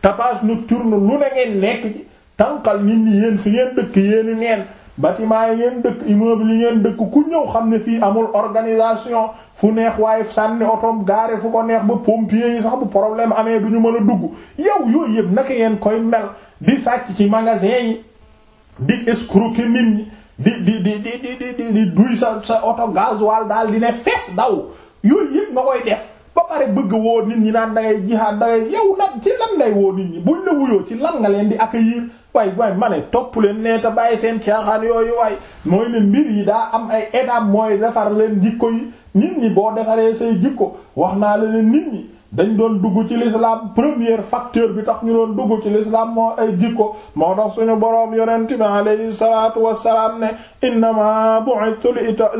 tapage nocturne lu ne ngeen nekk ci tànkal nit ñi yéen fi ngeen dëkk yéeni neen bâtiment yi ngeen dëkk immeuble yi dëkk ku ñëw xam ne fii amul organisation fu neex waaye sànni otoom gaare fu ko neex ba pompier yi sax bu problème amee du ñu mën a dugg yow yooyu yëpp naka ngeen koy mel di sàcc ci magasin yi di escroquer nit ñi di di di di di di duy sa sa oto gasoil daal di ne fees daw yooyu yëpp nga koy def ba pare bëgg woo nit ñi naan da ngay jihaad da ngay yow lan ci lan ngay woo nit ñi buñ la wuyoo ci lan nga leen di accueillir waaye waay ma ne topp leen nee te ay seen caaxaan yooyu waay mooy ne mbir yi daa am ay étape mooy defar leen jikko yi nit ñi boo defaree say jikko wax naa la nit ñi dañ doon dugg ci l'islam premier facteur bi tax ñu doon dugg ci l'islam moo ay jikko moo tax suñu boroom yonent bi alayhi salaatu wassalaam ne innama bu'ithtu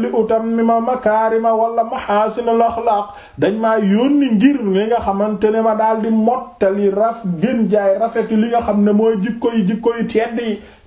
li utammima makaarima wala mahaasinal axlaaq dañ ma yónni ngir li nga xamante ne ma daal di mottali raf gën jaay rafet li nga xam ne mooy jikko yi jikko yi tedd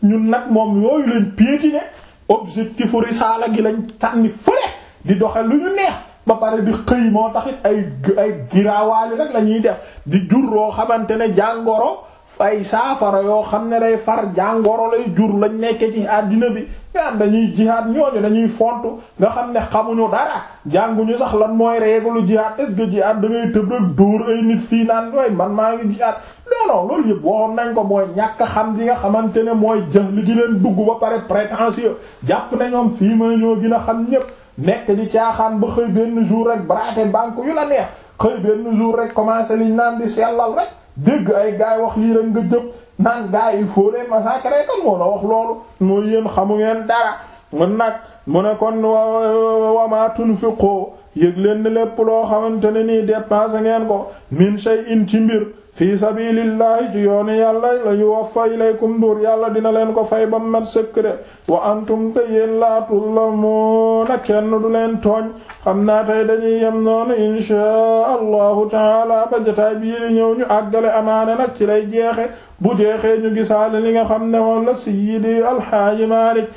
ñun nag moom yooyu lañ piétiné objectifu risaala gi lañ tànni fële di doxe lu ñu neex ba pare di xëy moo taxit ay ay giraawaali rek la ñuy def di jur loo xamante ne jàngoro ay saafara yoo xam ne day far jàngoro lay jur lañ nekke ci àddina bi yaan dañuy jihaad ñooñu dañuy fontu nga xam ne xamuñu dara jànguñu sax lan mooy réeglu jihaad est-ce que jihaad tëb rek dóor ay nit fii naan yooyu man maa ngi jihaad non loolu yëpp waxoon nañ ko mooy ñàkk xam gi nga xamante ne mooy jëx li di leen dugg ba pare prétentieux jàpp na ñoom fii ma ñoo gën xam ñépp nekk di caaxaan ba xëy benn jour rek braté banque yu la neex xëy benn jour rek commencé liñ naan di sellal rek dégg ay gaay wax lii rek nga jëpp naan gaay il faut les massacrer kan moo la wax loolu mooy yéen xamu ngeen dara mun nag mu ne kon wama tunfiqu yëg leen lépp loo xamante ne nii dépensé ngeen ko min shay'in ci mbir fii sabilillahi ci yoonu yàlla la yuwaffa ilaykum duur yàlla dina leen ko fay ba mat sëkk de wa antum te yéen laa tullamuuna kenn du leen tooñ xam naa dañuy yem noonu inchaa allahu taala ba jotaay bii ni ñëw ñu àggale amaana nag ci lay jeexe bu jeexee ñu gisaale li nga xam ne moom la siyidi alxaaji Maalik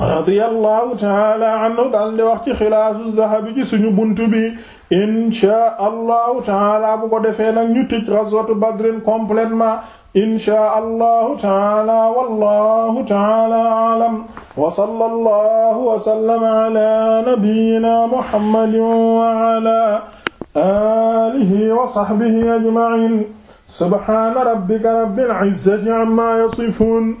radiyallahu taala anhu daal di wax ci xilaasu zahabi ci suñu bunt bi inchaa allahu taala bu ko defee nag ñu tëj ghazwatu badrin complètement inchaa allahu taala wallahu taala alam wa sallallahu wa sallama ala nabiyyina muhammadin wa ala alihi wa sahbihi ajma'in subhana rabbika rabbil izzati amma yasifun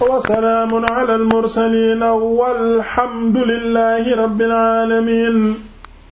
wa salaamun ala al mursaliin walhamdu lillaahi rabbil aalamiin